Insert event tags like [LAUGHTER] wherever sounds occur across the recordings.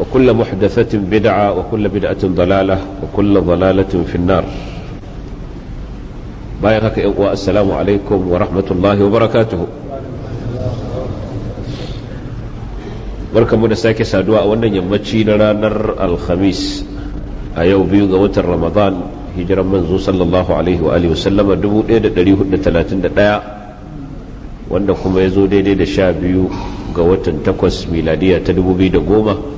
وكل محدثة بدعة وكل بدعة ضلالة وكل ضلالة في النار بايعك والسلام عليكم ورحمة الله وبركاته barkanmu da sake saduwa a wannan yammaci na ranar alhamis a yau biyu ga watan ramadan hijiran manzo sallallahu alaihi wa alihi wasallama 1431 wanda kuma ya zo daidai da sha biyu ga watan takwas miladiya ta goma.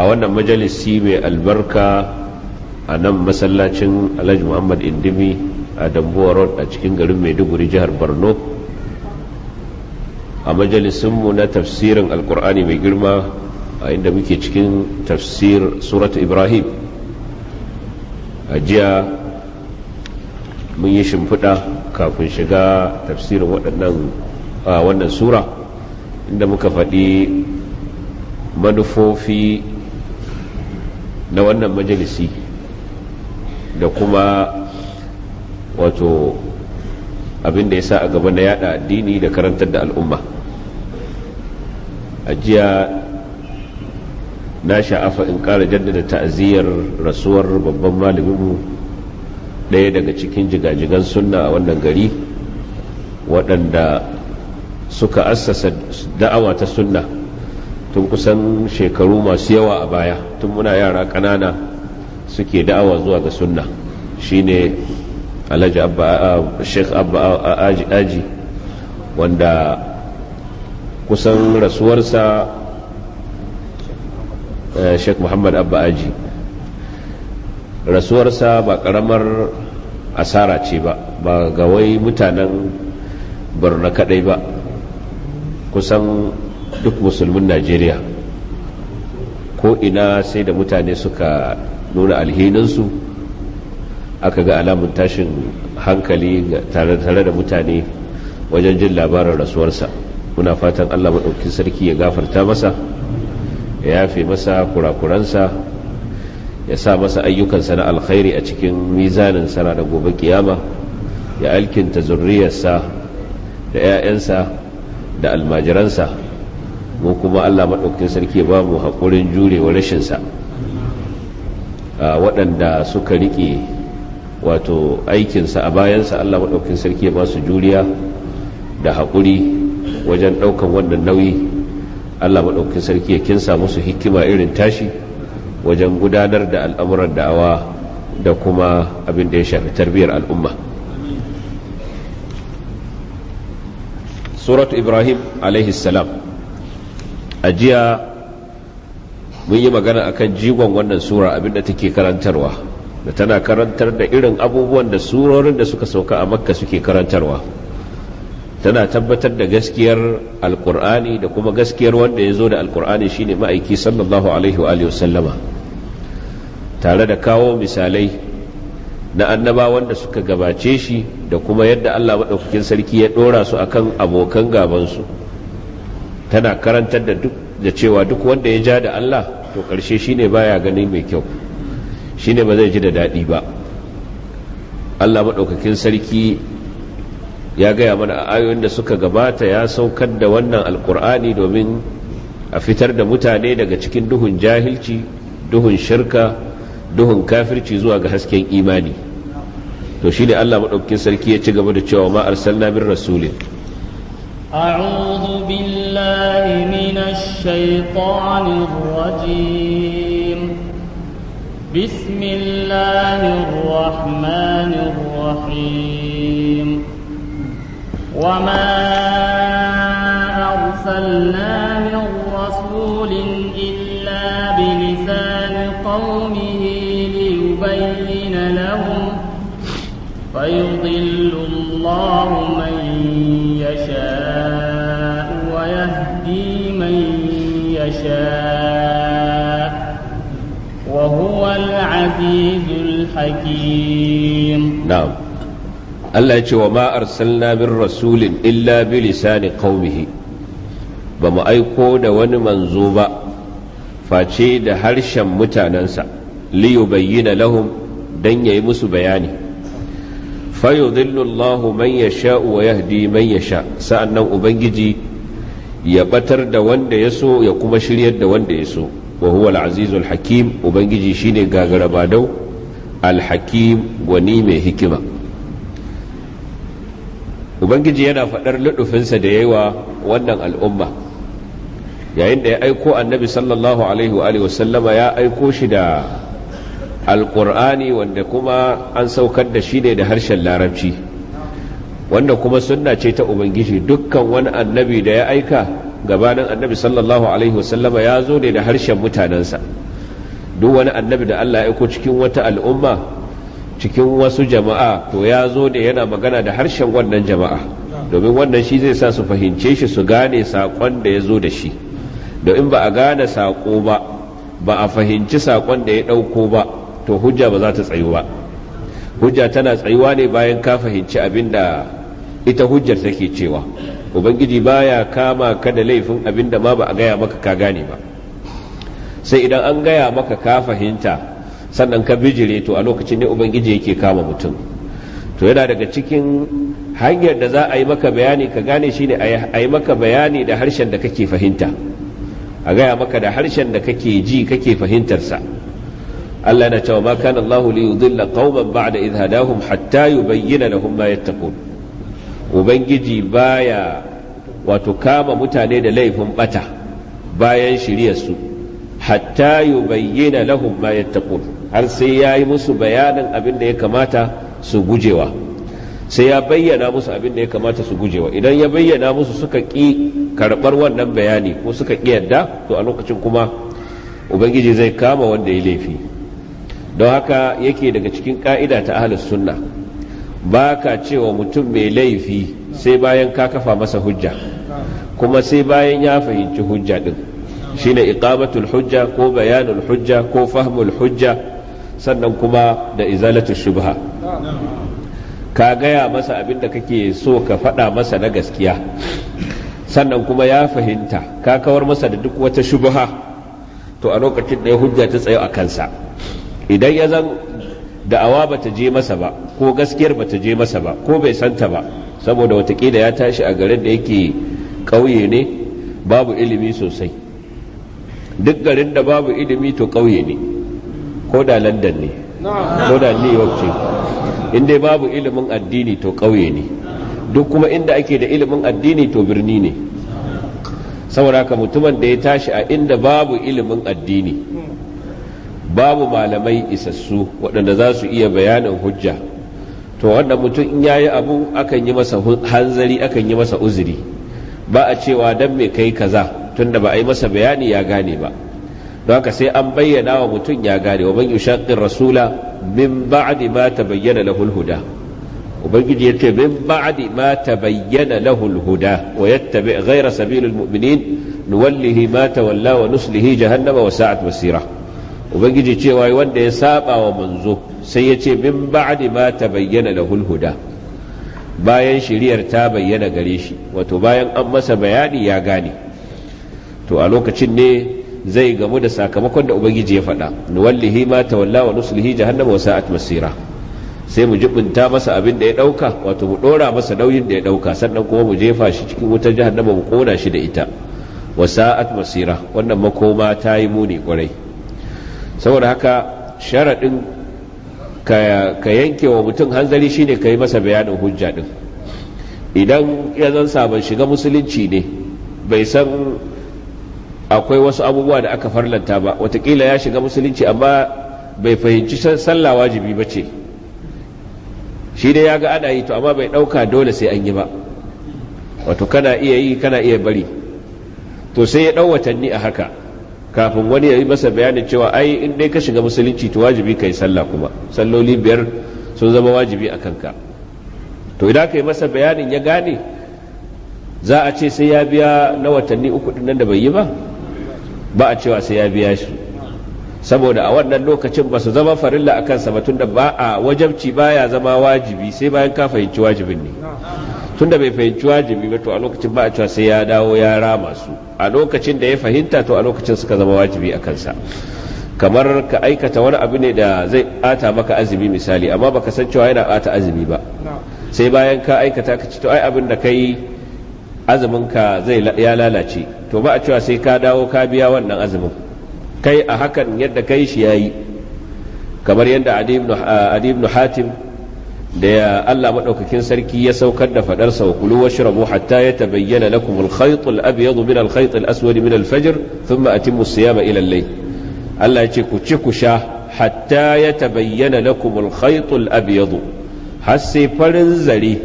a wannan majalisi mai albarka a nan masallacin alhaji muhammad indimi a dambuwa road a cikin garin maiduguri jihar borno a majalisinmu na tafsirin alkur'ani mai girma a inda muke cikin tafsir surat ibrahim a jiya mun yi shimfiɗa kafin shiga tafsirin waɗannan a wannan sura inda muka faɗi manufofi na wannan majalisi da kuma wato abin da ya sa a gaba na yada addini da karantar da al'umma a jiya na sha'afa in ƙara jaddada ta'aziyar rasuwar babban malaminmu ɗaya daga cikin jigajigan sunna a wannan gari waɗanda suka assasa da'awa ta sunna tun kusan shekaru masu yawa a baya tun muna yara ƙanana suke da'awa zuwa ga sunna shine alhaji abba sheikh abba aji wanda kusan rasuwarsa eh, sheikh muhammad abba aji rasuwarsa ba karamar asara ce ba ba ga wai mutanen birni kadai ba kusan duk musulmin najeriya ko ina sai da mutane suka nuna alhininsu aka ga alamun tashin hankali tare da mutane wajen jin labarin rasuwarsa muna fatan allah maɗauki sarki ya gafarta masa ya yafe masa kurakuransa ya sa masa ayyukansa na alkhairi a cikin mizanin sana da gobe kiyama ya alkinta zurriyarsa da 'ya'yansa da almajiransa mu kuma Allah maɗaukin sarki ba mu haƙurin wa rashinsa waɗanda suka riƙe wato aikinsa a bayansa Allah maɗaukakin sarki ba su juriya da hakuri wajen ɗaukan wannan nauyi Allah maɗaukin sarki ya kinsa musu hikima irin tashi wajen gudanar da al'amuran da'awa da kuma abin da ya shafi tarbiyyar al'umma suratu ibrahim alaihi salam a jiya mun yi magana akan jigon wannan sura abinda take karantarwa da tana karantar da irin abubuwan da surorin da suka sauka a makka suke karantarwa tana tabbatar da gaskiyar alkur'ani da kuma gaskiyar wanda ya zo da alkur'ani shine ma'aiki sallallahu alaihi wa sallama tare da kawo misalai na annaba wanda suka gabace shi da kuma yadda allah maɗaukakin sarki ya ɗora su akan abokan gabansu tana karantar da da cewa duk wanda ya ja da Allah to ƙarshe shine baya gani mai kyau shine ba zai ji da daɗi ba Allah maɗaukakin sarki ya gaya mana a ayoyin da suka gabata ya saukar da wannan alkur'ani domin a fitar da mutane daga cikin duhun jahilci duhun shirka duhun kafirci zuwa ga hasken imani to shi ne Allah maɗaukakin sarki ya ci gaba da cewa ma arsalna min rasulin بالله من الشيطان الرجيم بسم الله الرحمن الرحيم وما أرسلنا من رسول إلا بلسان قومه ليبين لهم فيضل الله من يشاء يشاء وهو العزيز الحكيم نعم Allah ya ce wa ma arsalna min rasulin illa bi lisani qaumihi ba mu aiko da wani manzo ba face da harshen mutanensa liyu bayyana lahum dan yayi musu bayani Fayo yudhillu Allahu man yasha wa yahdi man yasha sa'annan ubangiji ya batar da wanda ya so ya kuma shiryar da wanda ya so wa huwa al-azizul hakim ubangiji shine gagarabadau al-hakim gwani mai hikima ubangiji yana faɗar luɗufinsa da yayi wa wannan al'umma yayin da ya aiko annabi sallallahu alaihi wa alihi ya aiko shi da alƙur'ani wanda kuma an saukar da shi ne da harshen larabci wanda kuma sunna ce ta ubangiji dukkan wani annabi da ya aika gabanin annabi sallallahu alaihi wasallama ya zo ne da harshen mutanensa duk wani annabi da Allah ya aiko cikin wata al'umma cikin wasu jama'a to ya zo ne yana magana da harshen wannan jama'a domin wannan shi zai sa su fahimce shi su gane saƙon da ya zo da shi da in ba a gane saƙo ba ba a fahimci saƙon da ya ɗauko ba to hujja ba za ta tsayu ba hujja tana tsayuwa ne bayan ka fahimci abin da ita hujjar take cewa ubangiji baya kama ka da laifin abinda ma ba a gaya maka ka gane ba sai idan an gaya maka ka fahimta sannan ka bijire to a lokacin ne ubangiji yake kama mutum to yana daga cikin hanyar da za a yi maka bayani ka gane shine a yi maka bayani da harshen da kake fahimta a gaya maka da harshen da kake ji kake fahimtarsa Allah na cewa ma kana Allah li yudilla qauman ba'da idh hadahum hatta yubayyana lahum ma yattaqun ubangiji baya wato kama mutane da laifin bata bayan su hatta yubayyana lahum ma yattaqun har sai ya yi musu bayanin abin da ya kamata su gujewa sai ya bayyana musu abin da ya kamata su gujewa idan ya bayyana musu suka ƙi karɓar wannan bayani ko suka ƙi yadda to a lokacin kuma ubangiji zai kama wanda ya laifi don haka yake daga cikin ƙa'ida ta ahlus sunna ba ka cewa mutum mai laifi sai bayan ka kafa masa hujja kuma sai bayan ya fahimci hujja din shine iqamatul hujja ko bayanul hujja ko fahmul hujja sannan kuma da izalatul shubha ka gaya masa abin da kake so ka faɗa masa na gaskiya sannan kuma ya fahimta ka kawar masa da duk wata shubha to a lokacin da ya hujja ta tsayo a kansa idan ya zan da'awa ba ta je masa ba ko gaskiyar ba ta je masa ba ko bai santa ba saboda watakila ya tashi a garin da yake ƙauye ne babu ilimi sosai duk garin da babu ilimi to ƙauye ne ko da london ne ko da new york ce inda babu ilimin addini to ƙauye ne duk kuma inda ake da ilimin addini to birni ne saboda ka mutumin da ya tashi a inda babu ilimin addini babu malamai isassu waɗanda za su iya bayanin hujja to wannan mutum in yayi abu akan yi masa hanzari akan yi masa uzuri ba a cewa dan me kai kaza tunda ba a yi masa bayani ya gane ba don haka sai an bayyana wa mutum ya gane wa man yushaqir rasula min ba'di ma tabayyana lahu huda ubangiji yace min ba'di ma tabayyana lahu al-huda wa yattabi' ghayra sabilil mu'minin nuwallihi ma tawalla wa nuslihi jahannama wa sa'at masira ubangiji cewa wanda ya saba wa manzo sai ya ce min ba'di ma tabayyana lahul huda bayan shiriyar ta bayyana gare shi wato bayan an masa bayani ya gane to a lokacin ne zai gamu da sakamakon da ubangiji ya faɗa nuwallihi ma tawalla wa nuslihi jahannama wa sa'at masira sai mu jibinta masa abin da ya ɗauka wato mu ɗora masa nauyin da ya ɗauka sannan kuma mu jefa shi cikin wutar jahannama mu kona shi da ita wa sa'at masira wannan makoma ta yi muni kwarai saboda haka sharaɗin ka yanke wa mutum hanzari shine ka yi masa bayanin hujja ɗin idan ya zan sabon shiga musulunci ne bai san akwai wasu abubuwa da aka farlanta ba watakila ya shiga musulunci amma bai fahimci sallah wajibi ba ce shi dai ya ga ana yi to amma bai ɗauka dole sai an yi ba wato kana iya yi kana iya bari to sai ya ɗau watanni a haka kafin wani ya yi masa bayanin cewa ai in dai ka shiga musulunci to wajibi ka yi sallah kuma salloli biyar sun zama wajibi a kanka to idan ka yi masa bayanin ya gane za a ce sai ya biya na watanni uku nan da bai yi ba ba a cewa sai ya biya shi saboda a wannan lokacin ba su zama farilla a kansa ba tunda ba a wajabci baya zama wajibi sai bayan ka fahimci wajibin ne tunda bai fahimci wajibi ba to a lokacin ba a cewa sai ya dawo ya rama su a lokacin da ya fahimta to a lokacin suka zama wajibi a kansa kamar ka aikata wani abu ne da zai ata maka azumi misali amma baka san cewa yana ata azumi ba sai bayan ka aikata ka ci to ai abin da kai azumin ka zai ya lalace to ba a cewa sai ka dawo ka biya wannan azumin kai a hakan yadda kai shi yayi kamar yadda adi hatim da Allah madaukakin sarki ya saukar da faɗar sa kulu washrabu hatta yatabayyana lakum na kuma al abiyadu min al-khayt min al thumma atimmu siyama ila al Allah ya ce ku ci ku sha hatta yatabayyana lakum al-khayt al-abyad har sai farin zare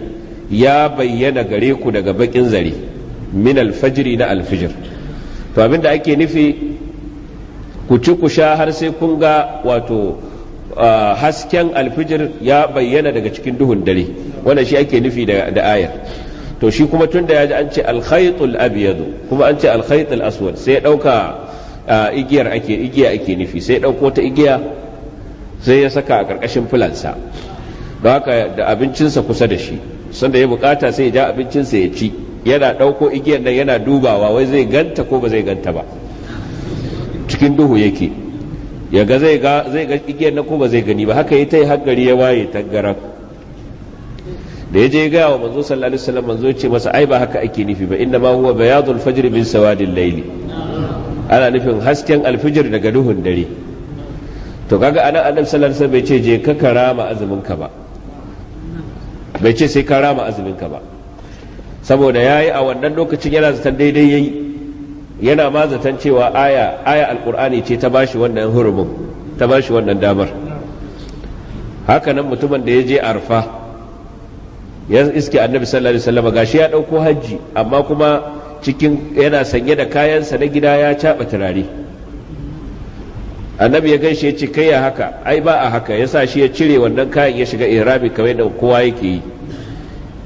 ya bayyana gare ku daga bakin zare min al na alfijir to abinda ake nufi ku ci ku sha har sai kun ga wato hasken alfijir ya bayyana daga cikin duhun dare wanda shi ake nufi da ayar to shi kuma tun da ya ji an ce alkhaitul abyadu kuma an ce alkhaitul aswad sai ya dauka igiyar ake igiya ake nufi sai ya dauko ta igiya sai ya saka a karkashin fulansa don haka da abincinsa kusa da shi sanda ya bukata sai ya ja abincinsa ya ci yana dauko igiyar nan yana dubawa wai zai ganta ko ba zai ganta ba cikin duhu yake ya ga zai ga zai ga igiyar na ko ba zai gani ba haka yi ta yi haggari ya waye taggara da ya je ya gaya wa manzo sallallahu alaihi wasallam manzo ce masa ai ba haka ake nufi ba inna ma huwa bayadul fajr min sawadil layli ana nufin hasken alfijir daga duhun dare to kaga anan annabi sallallahu alaihi wasallam bai ce je ka karama azumin ka ba bai ce sai ka rama azumin ka ba saboda yayi a wannan lokacin yana zaton daidai yayi yana mazatan zaton cewa aya aya alqur'ani ce ta bashi wannan hurumin ta bashi wannan damar hakanan mutumin da ya je arfa ya iske annabi sallallahu alaihi wasallam gashi ya dauko hajji amma kuma cikin yana sanye da kayansa na gida ya caba turare annabi ya gaishe ya ce kai ya haka ai ba a haka yasa shi ya cire wannan kayan ya shiga ihrami kamar da kowa yake yi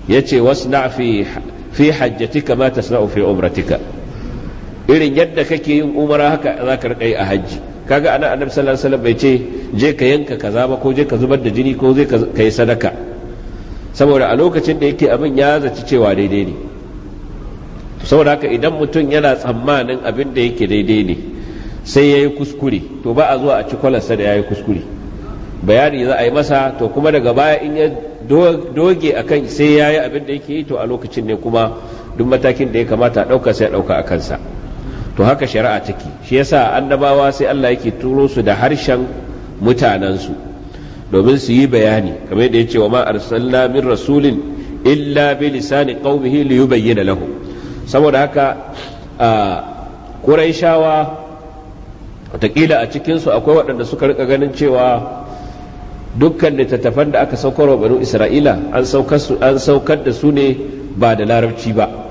yace ce wasu na fi hajjatika ma tasna'u fi umratika irin yadda kake yin umara haka za ka rika yi a hajji kaga ana annabi sallallahu alaihi bai ce je ka yanka kaza ba ko je ka zubar da jini ko zai ka yi sadaka saboda a lokacin da yake abin ya zaci cewa daidai ne saboda haka idan mutum yana tsammanin abin da yake daidai ne sai ya yi kuskure to ba a zuwa a ci kwalarsa da ya yi kuskure bayani za a yi masa to kuma daga baya in ya doge a sai ya yi abin da yake yi to a lokacin ne kuma duk matakin da ya kamata a ɗauka sai a ɗauka a kansa to haka shari'a take shi yasa annabawa sai Allah yake turo su da harshen mutanensu domin su yi bayani kamar yadda yace wa ma arsalna min rasulin illa bi lisani qaumihi li yubayyana lahu saboda haka quraishawa watakila a cikin su akwai waɗanda suka rika ganin cewa dukkan littattafan da aka saukar wa banu isra'ila an saukar da su ne ba da larabci ba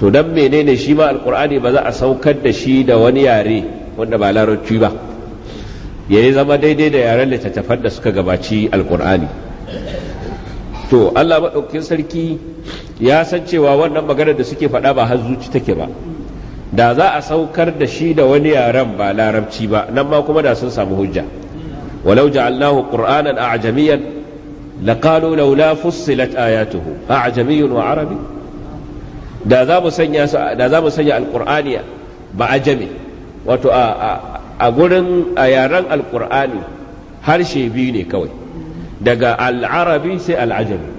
to dan menene shi ma alkur'ani ba za a saukar da shi da wani yare wanda ba larabci ba ya zama daidai da yaren littattafan da suka gabaci alkur'ani to allah maɗaukin sarki ya san cewa wannan maganar da suke faɗa ba har zuci take ba da za a saukar da shi da wani yaren ba larabci ba nan ma kuma da sun samu hujja walau ja'alnahu qur'anan a'jamiyan laqalu laula fussilat ayatuhu a'jamiyyun wa arabiyyun da za mu sanya da za mu sanya alqur'ani ba ajami wato a a gurin a yaren alqur'ani harshe biyu ne kawai daga al'arabi sai al'ajami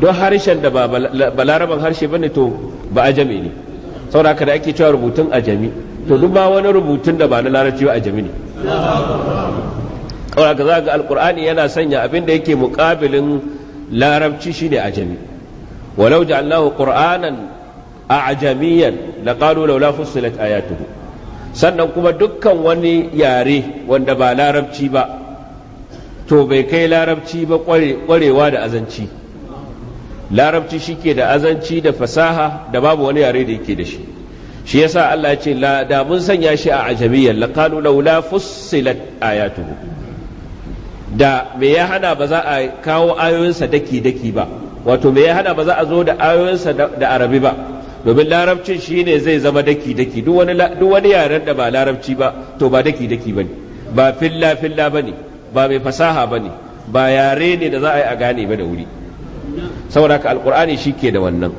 don harshen da ba balaraban harshe bane to ba ajami ne saboda da ake cewa rubutun ajami to duk ba wani rubutun da ba na larabci ba ajami ne saboda ka za ga alqur'ani yana sanya abin da yake muƙabilin larabci shine ajami walau ja'alnahu qur'anan a'jamiyan laqalu laula fussilat ayatuhu sannan kuma dukkan wani yare wanda ba larabci ba to bai kai larabci ba kwarewa da azanci larabci shike da azanci da fasaha da babu wani yare da yake da shi shi yasa Allah ya ce da mun sanya shi a ajamiyan laqalu laula fussilat ayatuhu da me ya hana ba za a kawo ayoyinsa daki daki ba wato me ya hana ba za a zo da ayoyinsa da arabi ba domin larabcin shi ne zai zama daki daki duk wani yaren da ba larabci ba to ba daki daki ba ne ba filla filla ba ne ba mai fasaha ba ne ba yare ne da za a yi a gane ba da wuri saboda ka alkur'ani shi ke da wannan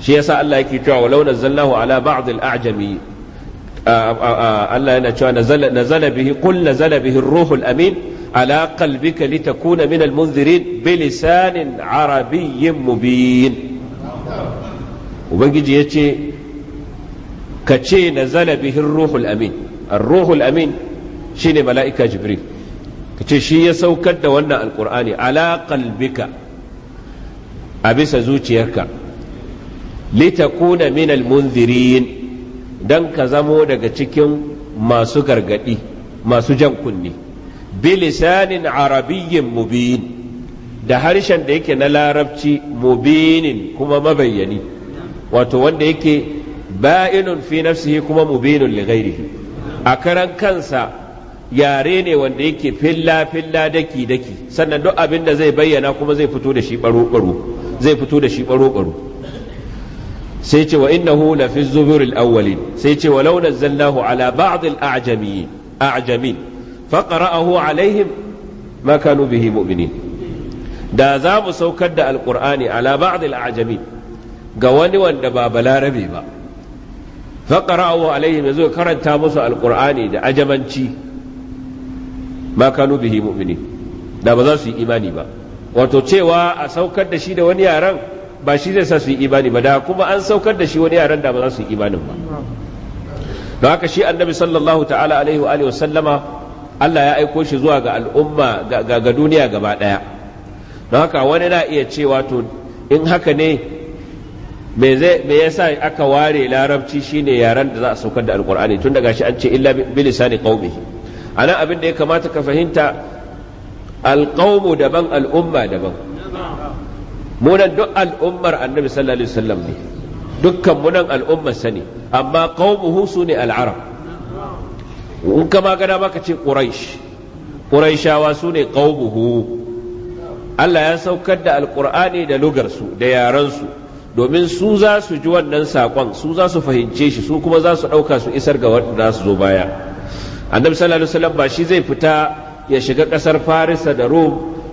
shi yasa Allah yake cewa walau nazzalnahu ala ba'd al-a'jami Allah yana cewa nazala bihi qul nazala bihi ruhul amin ala qalbika litakuna min almunzirin bi lisanin arabiyyin mubin ubangiji yace ka ce nazala bihi ruhul amin ar-ruhul amin shine mala'ika jibril ka ce shi ya saukar da wannan alqur'ani ala qalbika a bisa zuciyarka litakuna min munzirin Dan ka zamo daga cikin masu gargadi masu jan kunni bilisanin arabiyyin mubin da harshen da yake na larabci mubinin kuma mabayyani wato wanda yake ba'inun fi nafsihi kuma mubinun li ghairihi a karan kansa yare ne wanda yake filla filla daki daki sannan duk abin da zai bayyana kuma zai fito da shi baro baro zai fito da shi baro baro sai ce wa innahu la fi zubur awwalin sai ce walau nazzalnahu ala ba'd al-a'jamiyin a'jamin fa qara'ahu alaihim ma kanu bihi mu'minin da za mu saukar da alqur'ani ala ba'd al-a'jamin ga wani wanda ba balarabe ba fa qara'ahu alaihim yazo karanta musu alqur'ani da ajamanci ma kanu bihi mu'minin da ba za su yi imani ba wato cewa a saukar da shi da wani yaran ba shi zai sa su yi imani ba da kuma an saukar da shi wani yaran da ba za su yi imanin ba don haka shi annabi sallallahu ta'ala alaihi wa sallama Allah ya aiko shi zuwa ga al'umma ga duniya gaba daya don haka wani na iya cewa to in haka ne me yasa aka ware larabci shine yaran da za a saukar da alkur'ani tun daga shi an ce illa bilisani qaumihi anan abin da ya kamata ka fahimta alqaumu daban al'umma daban munan duk al'ummar annabi sallallahu alaihi wasallam ne dukkan munan al'ummar sa ne amma qaumuhu sune al'arab in kama gada maka ce quraish quraishawa sune qaumuhu Allah ya saukar da alqur'ani da lugar su da yaran su domin su za su ji wannan saƙon su za su fahimce shi su kuma za su ɗauka su isar ga wanda su zo baya annabi sallallahu alaihi wasallam ba shi zai fita ya shiga ƙasar farisa da rom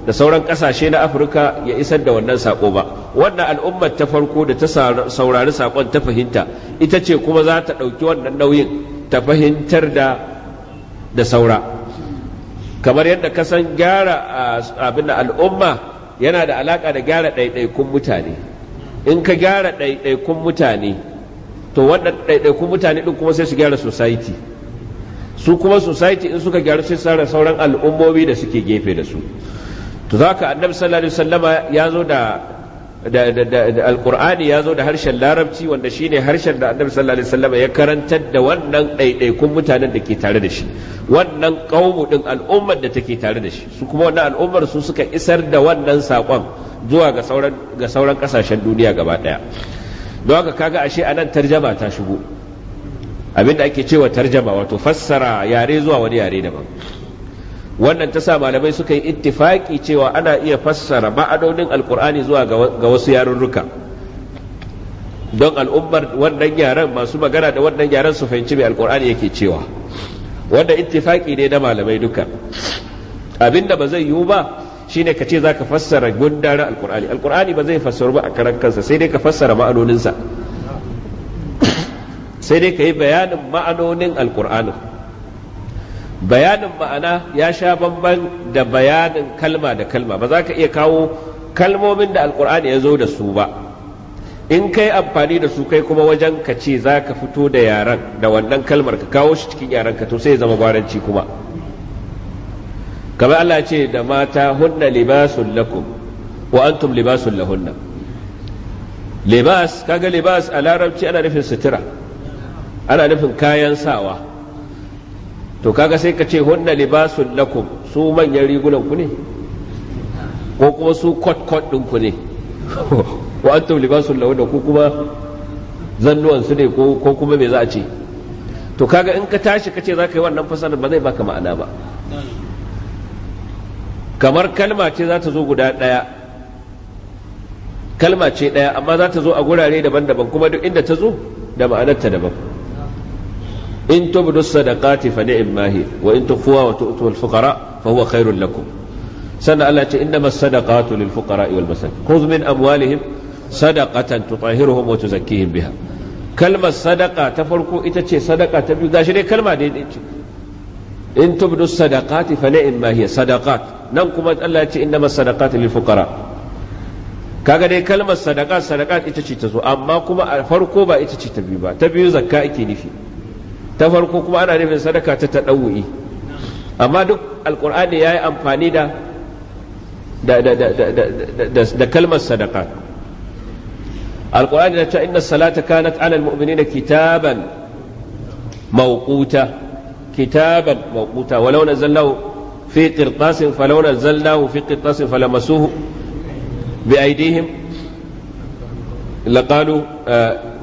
da sauran kasashe na afirka ya isar da wannan sako ba wannan al'ummar ta farko da ta saurari sakon ta fahimta ita ce kuma za ta ɗauki wannan nauyin ta fahimtar da da saura kamar yadda kasan san gyara abin da al'umma yana da alaƙa da gyara ɗaiɗaikun mutane in ka gyara ɗaiɗaikun mutane to wannan ɗaiɗaikun mutane ɗin kuma sai su gyara society su kuma society in suka gyara sai sauran al'ummomi da suke gefe da su to za ka annabi sallallahu alaihi wasallama ya zo da da alqur'ani ya zo da harshen larabci wanda shine harshen da annabi sallallahu alaihi wasallama ya karantar da wannan ɗaiɗaikun mutanen da ke tare da shi wannan ƙaumu ɗin al'ummar da take tare da shi su kuma wannan al'ummar su suka isar da wannan saƙon zuwa ga sauran ga sauran ƙasashen duniya gaba ɗaya don haka kaga ashe anan tarjama ta shigo abinda ake cewa tarjama wato fassara yare zuwa wani yare daban wannan ta sa malamai suka yi ittifaki cewa ana iya fassara ma'anonin alkur'ani zuwa ga wasu yarurruka don al'ummar wannan yaren masu magana da wannan yaren su fahimci mai alkur'ani yake cewa wanda ittifaki ne na malamai duka abinda ba zai yiwu ba shine ka ce za ka fassara gundarin alkur'ani alkur'ani ba zai fassaru ba a karan kansa sai dai ka fassara ma'anoninsa sai dai ka yi bayanin ma'anonin alkur'anin bayanin ma'ana ya sha bamban da bayanin kalma da kalma ba za ka iya kawo kalmomin da alkur'ani ya zo da su ba in kai amfani da su kai kuma wajen ka ce za ka fito da yaren da wannan kalmar ka kawo shi cikin yaran ka to sai zama gwaranci kuma kamar Allah ce da mata hunna libasun lakum wa antum libasun lahunna libas kaga libas a larabci ana nufin sutura ana nufin kayan sawa to kaga sai ka ce hunna libasun lakum su manyan rigunan ku ne ko kuma su kot kot din ku ne [LAUGHS] wa antum libasun lahu da ku kuma zannuwan su ne ko kuma me za a ce to kaga in ka tashi ka ce za ka yi wannan fasarar ba zai baka ma'ana ba kamar kalma ce za ta zo guda ɗaya kalma ce daya amma za ta zo a gurare daban-daban kuma duk inda ta zo da ma'anar ta daban in tubdu sadaqati fa ni'am mahi wa in tukhwa wa tu'tu al fuqara fa huwa khairul lakum sannan Allah ce innamas sadaqatu lil fuqara wal masakin khudh min amwalihim sadaqatan tutahhiruhum wa tuzakkihim biha kalmar sadaka ta farko ita ce sadaka ta biyu gashi dai kalma daidai ce in tubdu sadaqati fa ni'am ma hiya sadaqat nan kuma Allah ya ce innamas sadaqatu lil fuqara kaga dai kalmar sadaka sadaka ita ce ta zo amma kuma a farko ba ita ce ta biyu ba ta biyu zakka ake nufi ta farko kuma ana nufin sadaka ta taɗawu'i amma duk alkur'ani ya yi amfani da da kalmar sadaka alkur'ani na cewa inna salata kanat alal mu'minina kitaban mawquta kitaban mawquta walau nazzalnahu fi qirtasin falau fi qirtasin falamasuhu bi laqalu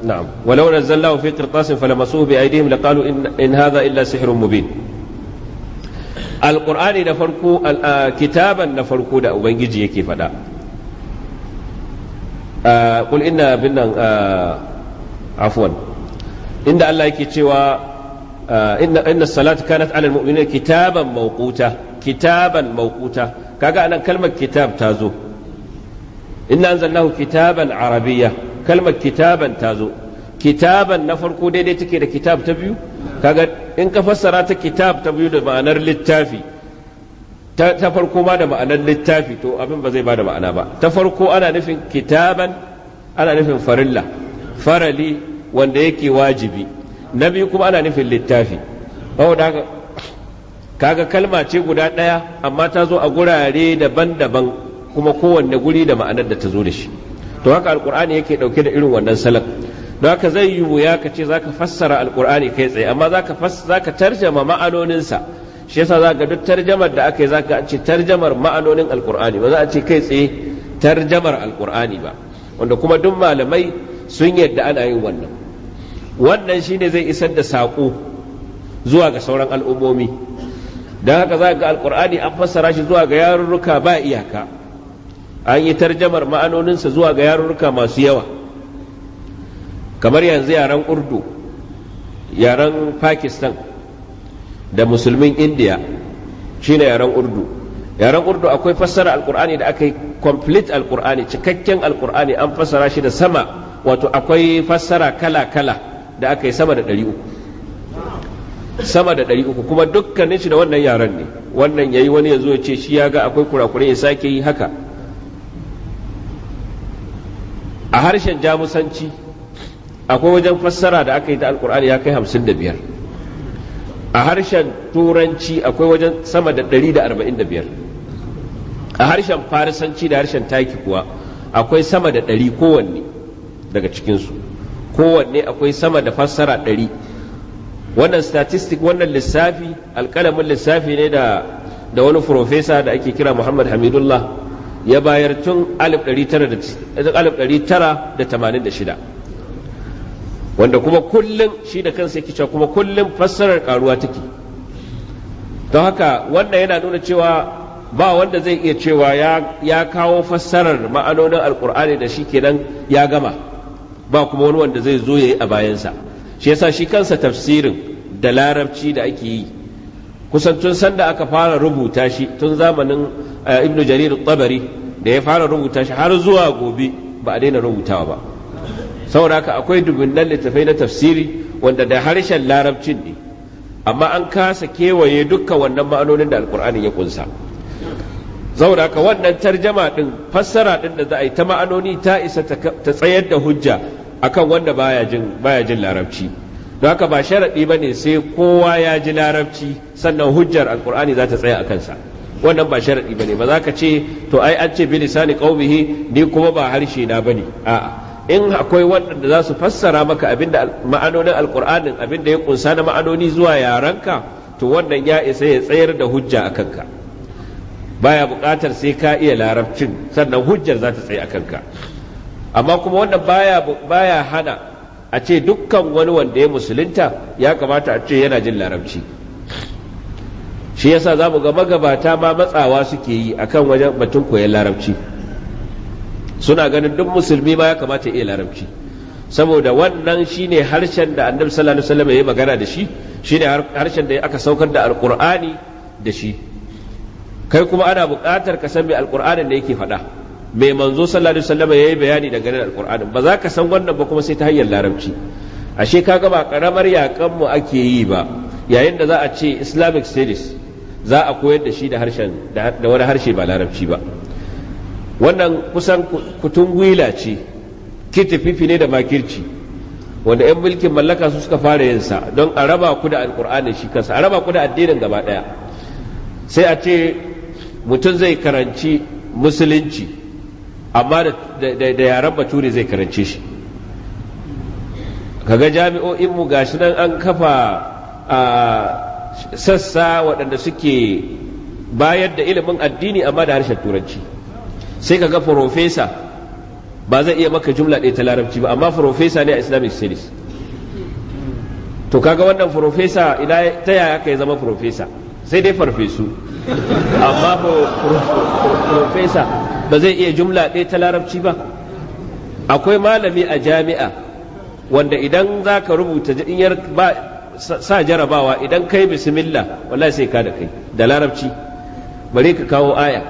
نعم ولو نزلناه في قرطاس فلمسوه بأيديهم لقالوا إن, إن هذا إلا سحر مبين القرآن نفركو كتابا نفركو دا أبنجي يكي فدا آه قل إن بنا آه عفوا إن الله يكي تشوى آه إن, إن الصلاة كانت على المؤمنين كتابا موقوتا كتابا موقوتا كاقا أنا كلمة كتاب تازو إن أنزلناه كتابا عربيا kalmar kitaban ta zo kitaban na farko daidai take da kitab ta biyu kaga in ka fassara ta kitab ta biyu da ma'anar littafi ta farko ma da ma'anar littafi to abin ba zai ba da ma'ana ba ta farko ana nufin kitaban ana nufin farilla farali wanda yake wajibi na biyu kuma ana nufin littafi kaga kalma ce guda ɗaya amma ta zo a gurare daban-daban kuma kowanne guri da ma'anar da ta zo da shi to haka alqur'ani yake dauke da irin wannan salak don haka zai yi wuya ka ce zaka fassara alkur'ani kai tsaye amma zaka zaka tarjama ma'anoninsa shi yasa zaka duk tarjamar da aka yi zaka an ce tarjamar ma'anonin alkur'ani ba za a ce kai tsaye tarjamar alkur'ani ba wanda kuma duk malamai sun yadda ana yin wannan wannan shine zai isar da saƙo zuwa ga sauran al'ummomi don haka za ga alkur'ani an fassara shi zuwa ga yarurruka ba iyaka an yi tarjamar ma'anoninsa zuwa ga yarurruka masu yawa kamar yanzu yaren urdu yaren pakistan da musulmin indiya shine yaren urdu yaren urdu akwai fassara alkur'ani da aka yi complete alkur'ani cikakken alkur'ani an fassara shi da sama wato akwai fassara kala-kala da aka yi sama da ɗari uku sama da ɗari uku kuma dukkanin shi da wannan yaren ne wannan ya yi wani ya zo ya ce shi ya ga akwai kurakurai ya sake yi haka a harshen jamusanci akwai wajen fassara da aka yi ta alkur'ani ya kai hamsin da biyar a harshen turanci akwai wajen sama da ɗari da arba'in da biyar a harshen farisanci da harshen taki kuwa akwai sama da ɗari kowanne daga cikinsu kowanne akwai sama da fassara ɗari wannan statistic wannan lissafi alƙalamin lissafi ne da da wani profesa da ake kira muhammad hamidullah ya bayar tun 1986 wanda kuma kullum shi da kansa yake cewa kuma kullum fassarar karuwa take don haka wannan yana nuna cewa ba wanda zai iya cewa ya kawo fassarar ma'anonin alkur'ani da shi kenan ya gama ba kuma wani wanda zai zo ya yi a bayansa shi yasa shi kansa tafsirin da larabci da ake yi kusan tun sanda aka fara rubuta shi tun zamanin Eh, ibnu jarir tabari da ya fara rubuta shi har zuwa gobe ba a daina rubutawa ba saboda haka akwai dubunnan littafai na tafsiri wanda da harshen larabcin ne amma an kasa kewaye dukkan wannan ma'anonin da alkur'ani ya kunsa saboda haka wannan tarjama din fassara din da za a yi ta ma'anoni ta isa ta tsayar da hujja akan wanda baya jin baya jin larabci don haka ba sharaɗi ba ne sai kowa ya ji larabci sannan hujjar alkur'ani za ta tsaya a kansa wannan ba sharadi bane ba za ka ce to ai an ce bi lisani qaumihi ni kuma ba harshe na bane a'a in akwai waɗanda za su fassara maka abinda ma'anonin alqur'anin abinda ya kunsa na ma'anoni zuwa yaranka to wannan ya isa ya tsayar da hujja a kanka baya buƙatar sai ka iya larabcin sannan hujjar za ta tsaye a kanka amma kuma wannan baya baya hana a ce dukkan wani wanda ya musulunta ya kamata a ce yana jin larabci shi yasa za mu ga magabata ma matsawa suke yi akan wajen batun koyon larabci suna ganin duk musulmi ma ya kamata iya larabci saboda wannan shine harshen da annabi sallallahu alaihi wasallam ya magana da shi shine harshen da aka saukar da alqur'ani da shi kai kuma ana buƙatar ka san me alqur'anin da yake faɗa mai manzo sallallahu alaihi wasallam yayi bayani da ganin al'kur'ani ba za ka san wannan ba kuma sai ta hanyar larabci ashe kaga ba karamar yakan mu ake yi ba yayin da za a ce islamic studies za a koyar da shi da harshen da wani harshe ba larabci ba wannan kusan kutun gwila ce kitififi ne da makirci wanda 'yan mulkin mallaka su suka fara yin sa don a raba ku da alkur'anin shi kansa a raba ku da addinin gaba daya sai a ce mutum zai karanci musulunci amma da yaren bature zai karance shi kaga jami'o'inmu gashi nan an kafa a sassa waɗanda suke bayar da ilimin addini amma da harshen turanci sai ka ga farofesa ba zai iya maka jumla ɗaya ta larabci ba amma farofesa ne a islamic studies to kaga wannan farofesa ina ta yaya ka zama farofesa sai dai farfesu amma farofesa ba zai iya jumla ɗaya ta larabci ba akwai malami a jami'a wanda idan za ka rubuta in sa jarabawa idan kai bismillah wallahi sai ka da kai da larabci bari ka kawo aya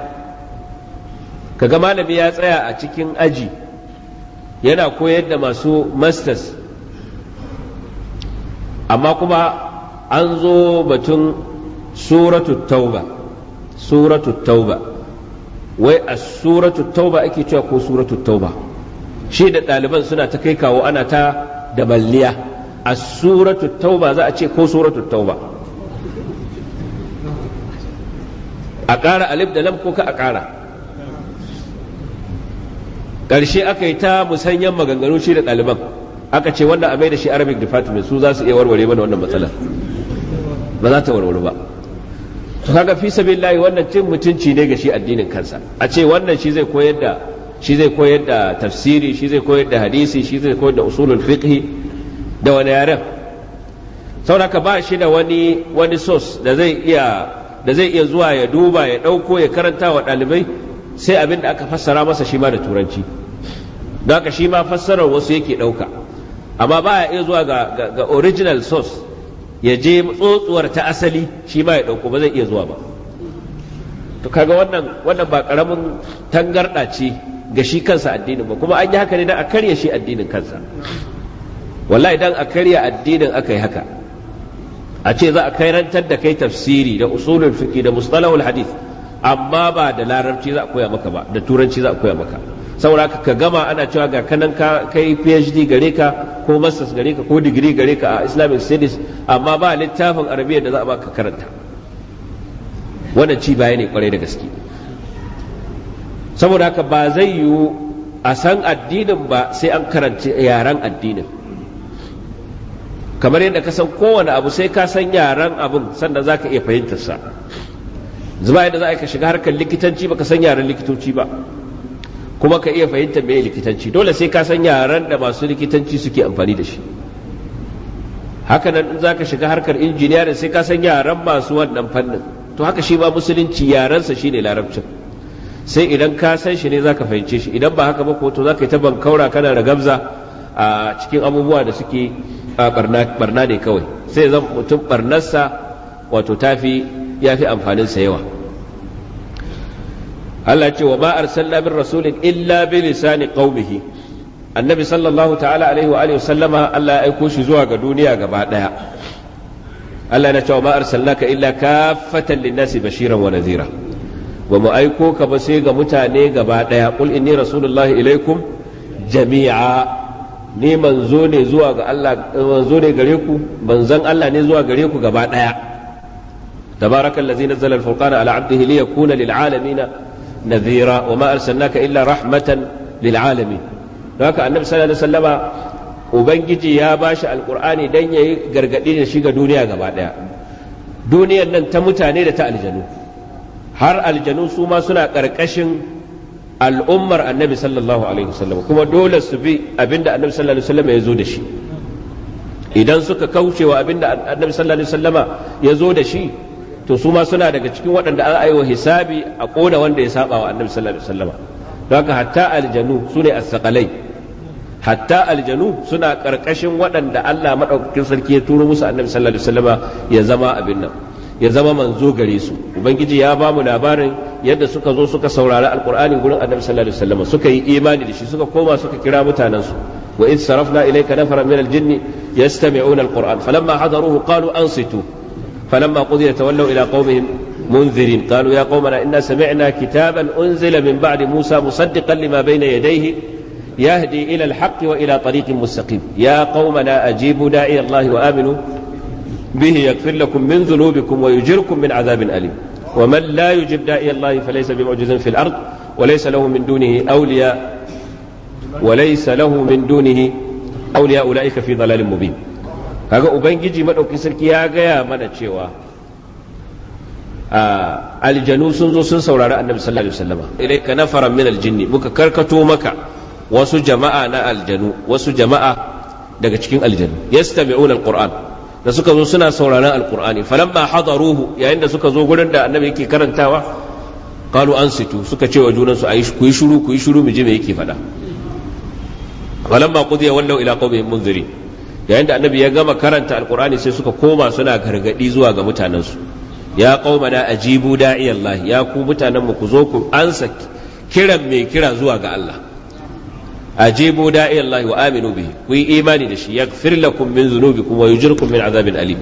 kaga malami ya tsaya a cikin aji yana koyar da masu masters amma kuma an zo batun suratu tauba suratu tauba wai a suratu tauba ake cewa ko suratu tauba shi da ɗaliban suna ta kai kawo ana ta da balliya as-suratu tauba za a ce ko suratu tauba a ƙara alif da lam ko ka a ƙara ƙarshe aka yi ta musanyen maganganu shi da ɗaliban aka ce wanda a mai da shi arabic department su za su iya warware mana wannan matsalar ba za ta warware ba to kaga fi sabilillahi wannan cin mutunci ne ga shi addinin kansa a ce wannan shi zai koyar da shi zai koyar da tafsiri shi zai koyar da hadisi shi zai koyar da usulul fiqh da wani yaren sauraka ba shi da wani wani sos da zai iya zuwa ya duba ya ɗauko ya karanta wa ɗalibai sai abin da aka fassara masa shi ma da turanci don haka shi ma fassarar wasu yake ɗauka amma ba ya iya zuwa ga, ga, original source ya je tsotsuwar ta asali shi ma ya ɗauko ba zai iya zuwa ba to kaga wannan wannan ba ƙaramin tangarɗa ce ga shi kansa addinin ba kuma an yi haka ne don a karya shi addinin kansa wallahi dan a karya addinin aka yi haka a ce za a kairantar da kai tafsiri da usulul fiqi da mustalahul hadith amma ba da larabci za a koya maka ba da turanci za a koya maka saboda ka gama ana cewa ga kanan ka kai PhD gare ka ko masters gare ka ko degree gare ka a Islamic studies amma ba littafin arabiya da za a baka karanta wannan ci baya ne kwarai da gaske saboda haka ba zai yiwu a san addinin ba sai an karanci yaren addinin kamar yadda ka san kowane abu sai ka san yaran abin sanda za ka iya fahimtarsa zuba yadda za ka shiga harkar likitanci baka san yaran likitoci ba kuma ka iya fahimtar me likitanci dole sai ka san yaran da masu likitanci suke amfani da shi haka nan in za ka shiga harkar injiniyar sai ka san yaran masu wannan fannin to haka shi ba musulunci yaransa shine larabcin sai idan ka san shi ne za ka fahimce shi idan ba haka ba ko to za ka yi ta bankaura kana da gamza a cikin abubuwa da suke barna ne kawai sai zan mutum barnarsa wato tafi ya fi amfaninsa yawa Allah ce wa ma arsalna min rasulin illa bi lisani qaumihi annabi sallallahu ta'ala alaihi wa alihi sallama Allah ya aiko shi zuwa ga duniya gaba daya Allah ya ce wa ma arsalnaka illa kaffatan linnasi bashiran wa nadhira ba mu aiko ka ba sai ga mutane gaba daya qul inni rasulullahi ilaikum jami'a ni manzo ne zuwa ga Allah manzo ne gare ku manzon Allah ne zuwa gare ku gaba daya tabarakallazi nazzala al-furqana ala 'abdihi liyakuna lil'alamin nadhira wa ma arsalnaka illa rahmatan lil'alamin haka annabi sallallahu alaihi wasallama ubangiji ya bashi alqur'ani dan yayi gargadi da shi ga duniya gaba daya duniyar nan ta mutane da ta aljanu har aljanu su ma suna karkashin al'ummar annabi sallallahu alaihi wasallam kuma dole su bi abinda annabi sallallahu alaihi wasallam ya zo da shi idan suka kauce wa abinda annabi sallallahu alaihi wasallama ya zo da shi to su ma suna daga cikin waɗanda an aiwa hisabi a ƙona wanda ya saba wa annabi sallallahu alaihi wasallama don haka hatta aljanu su ne as-saqalai hatta aljanu suna ƙarƙashin waɗanda Allah madaukakin sarki ya turo musu annabi sallallahu alaihi wasallama ya zama abin nan ya zama manzo gare su ubangiji ya ba mu labarin yadda suka zo suka saurari alqur'ani gurin annabi sallallahu alaihi wasallam suka yi imani da shi suka koma suka kira mutanen su wa in sarafna ilayka nafara min aljinni yastami'una alqur'an falamma hadaruhu qalu ansitu falamma qudiya tawallu ila qaumihim منذرين قالوا يا قومنا إنا سمعنا كتابا أنزل من بعد موسى مصدقا لما بين يديه يهدي إلى الحق وإلى طريق مستقيم يا قومنا أجيبوا داعي الله وآمنوا bihi yaghfir lakum min dhunubikum wa yujirkum min azabin alim wa man la yujib da'i Allah falaysa bimu'jizin fil ard wa laysa lahu min dunihi awliya wa laysa lahu min dunihi awliya ulaika fi dhalalin mubin kaga ubangiji madaukin sarki ya gaya mana cewa aljanu sun zo sun saurari annabi sallallahu alaihi wasallama ilaika nafaran min aljinni muka karkato maka wasu jama'a na aljanu wasu jama'a daga cikin aljanu yastami'una alquran da suka zo suna sauraron alkur'ani falamma hadaruhu yayin da suka zo gurin da annabi yake karantawa qalu ansitu suka ce wa junansu ayi ku yi shiru ku yi shiru mu ji me yake faɗa ba qudiya wallahu ila qaumin munziri yayin da annabi ya gama karanta alkur'ani sai suka koma suna gargadi zuwa ga mutanensu ya da ajibu da'iyallahi ya ku mutanen mu ku zo ku ansa kiran mai kira zuwa ga Allah ajibu da'i Allah wa aminu bihi ku yi imani da shi yaghfir lakum min dhunubikum wa yujirkum min azabin alim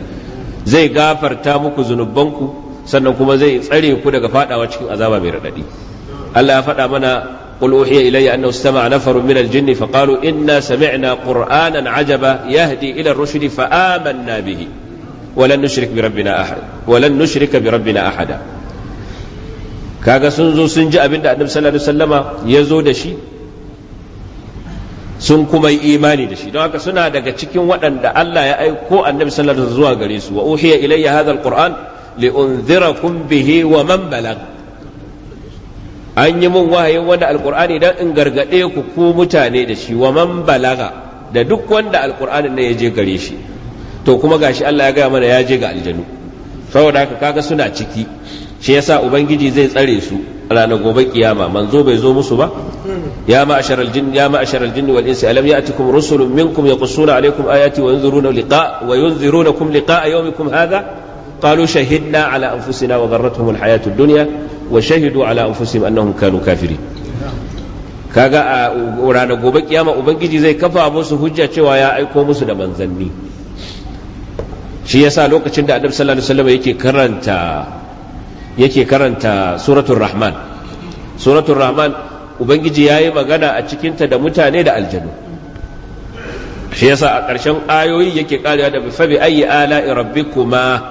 zai gafarta muku zunubanku sannan kuma zai tsare ku daga fadawa cikin azaba mai raɗaɗi. Allah ya faɗa mana قل أوحي إلي أنه استمع نفر من الجن فقالوا إنا سمعنا قرآنا عجبا يهدي إلى الرشد فآمنا به ولن نشرك بربنا أحد ولن نشرك بربنا أحدا kaga sun zo sun ji abinda da annabi sallallahu ya zo da shi sun kuma yi imani da shi don haka suna daga cikin waɗanda Allah ya aiko annabi sallallahu alaihi zuwa gare su wa uhiya ilayya hadha alquran li unzirakum bihi wa man balag an yi mun wahayin wanda alqur'ani dan in gargade ku ku mutane da shi wa man balaga da duk wanda alqurani ne ya je gare shi to kuma gashi Allah ya gaya mana ya je ga aljanu saboda haka kaga suna ciki shi yasa ubangiji zai tsare su ranar gobe kiyama manzo bai zo musu ba ya ma'ashar aljin ya ma'ashar aljin wal insi alam ya'tikum rusulun minkum yaqussuna alaykum ayati wa yunziruna liqa wa yunzirunakum liqa yawmikum hadha qalu shahidna ala anfusina wa gharratuhum al ad-dunya wa shahidu ala anfusihim annahum kanu kafirin kaga a ranar gobe kiyama ubangiji zai kafa musu hujja cewa ya aiko musu da manzanni shi yasa lokacin da annabi sallallahu alaihi wasallam yake karanta yake karanta suratul rahman suratul rahman ubangiji ya yi magana a cikinta da mutane da aljanu shi yasa a ƙarshen ayoyi yake ƙarewa da bifabi ayi ala'i rabbikuma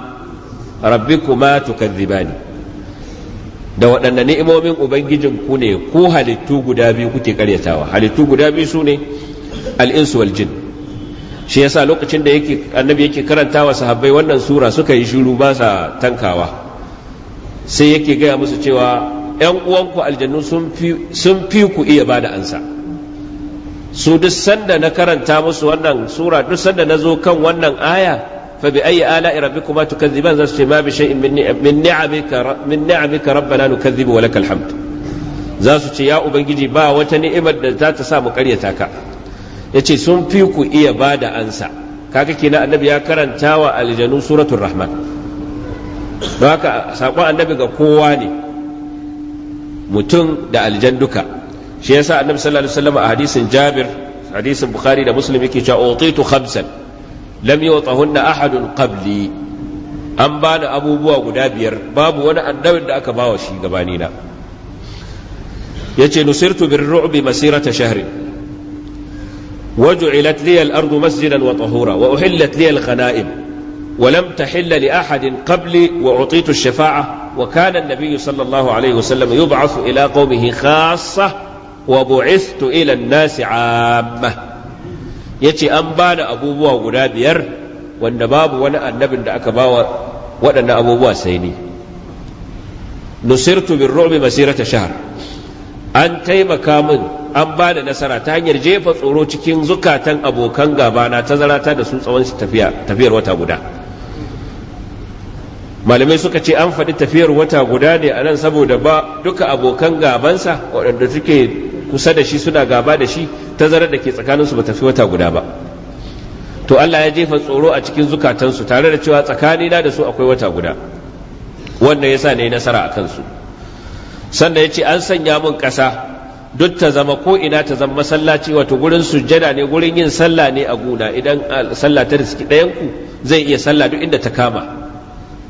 rabbikuma tukadhibani da waɗanne ni'imomin ubangijin ku ne ko halittu guda biyu kuke karyatawa halittu guda biyu su ne al'insu wal jin shi yasa lokacin da annabi yake karantawa sahabbai wannan sura suka yi shiru ba sa tankawa sai yake gaya musu cewa ‘yan uwanku aljannu sun fi ku iya ba da ansa su duk sanda na karanta musu wannan sura duk sanda na zo kan wannan aya fa bi ayi ala rabbikuma tukazziban zasu ce ma bi shay'in min ni'amika min ni'amika rabbana nukazzibu wa lakal hamd za su ce ya ubangiji ba wata ni'imar da za ta sa mu karyata ka yace sun fi ku iya ba da ansa kaga kenan annabi ya karanta wa aljanu suratul rahman don haka saƙon annabi ga kowa ne mutum da aljan duka shi yasa annabi sallallahu alaihi wasallam a hadisin jabir hadisin bukhari da muslim yake cewa utitu khamsan lam yutahunna ahadun qabli an bani abubuwa guda biyar babu wani annabin da aka bawa shi gabani na yace nusirtu bir ru'bi masirata shahrin وجعلت لي الأرض مسجدا وطهورا وأحلت لي الغنائم ولم تحل لأحد قبلي وأعطيت الشفاعة وكان النبي صلى الله عليه وسلم يبعث إلى قومه خاصة وبعثت إلى الناس عامة يتي أنبان أبوبوا غنابير والنباب وانا النبي أكباوا وانا أبوبوا سيني نصرت بالرعب مسيرة شهر an taimaka min an ba da nasara ta hanyar jefa tsoro cikin zukatan abokan gabana ta zarata da su tsawon tafiyar wata guda malamai suka ce an faɗi tafiyar wata guda ne a nan saboda ba duka abokan gabansa waɗanda suke kusa da shi suna gaba da shi tazarar da ke tsakaninsu ba tafi wata guda ba to Allah ya jefa tsoro a cikin zukatansu tare da cewa tsakanina da su akwai wata guda Wannan ya sa nasara a kansu sannan ya ce an sanya mun kasa duk ta zama ko ina ta zama masallaci wato gurin sujjada ne gurin yin sallah ne a guda idan ah, sallah ta riski ɗayan ku zai iya sallah duk inda ta kama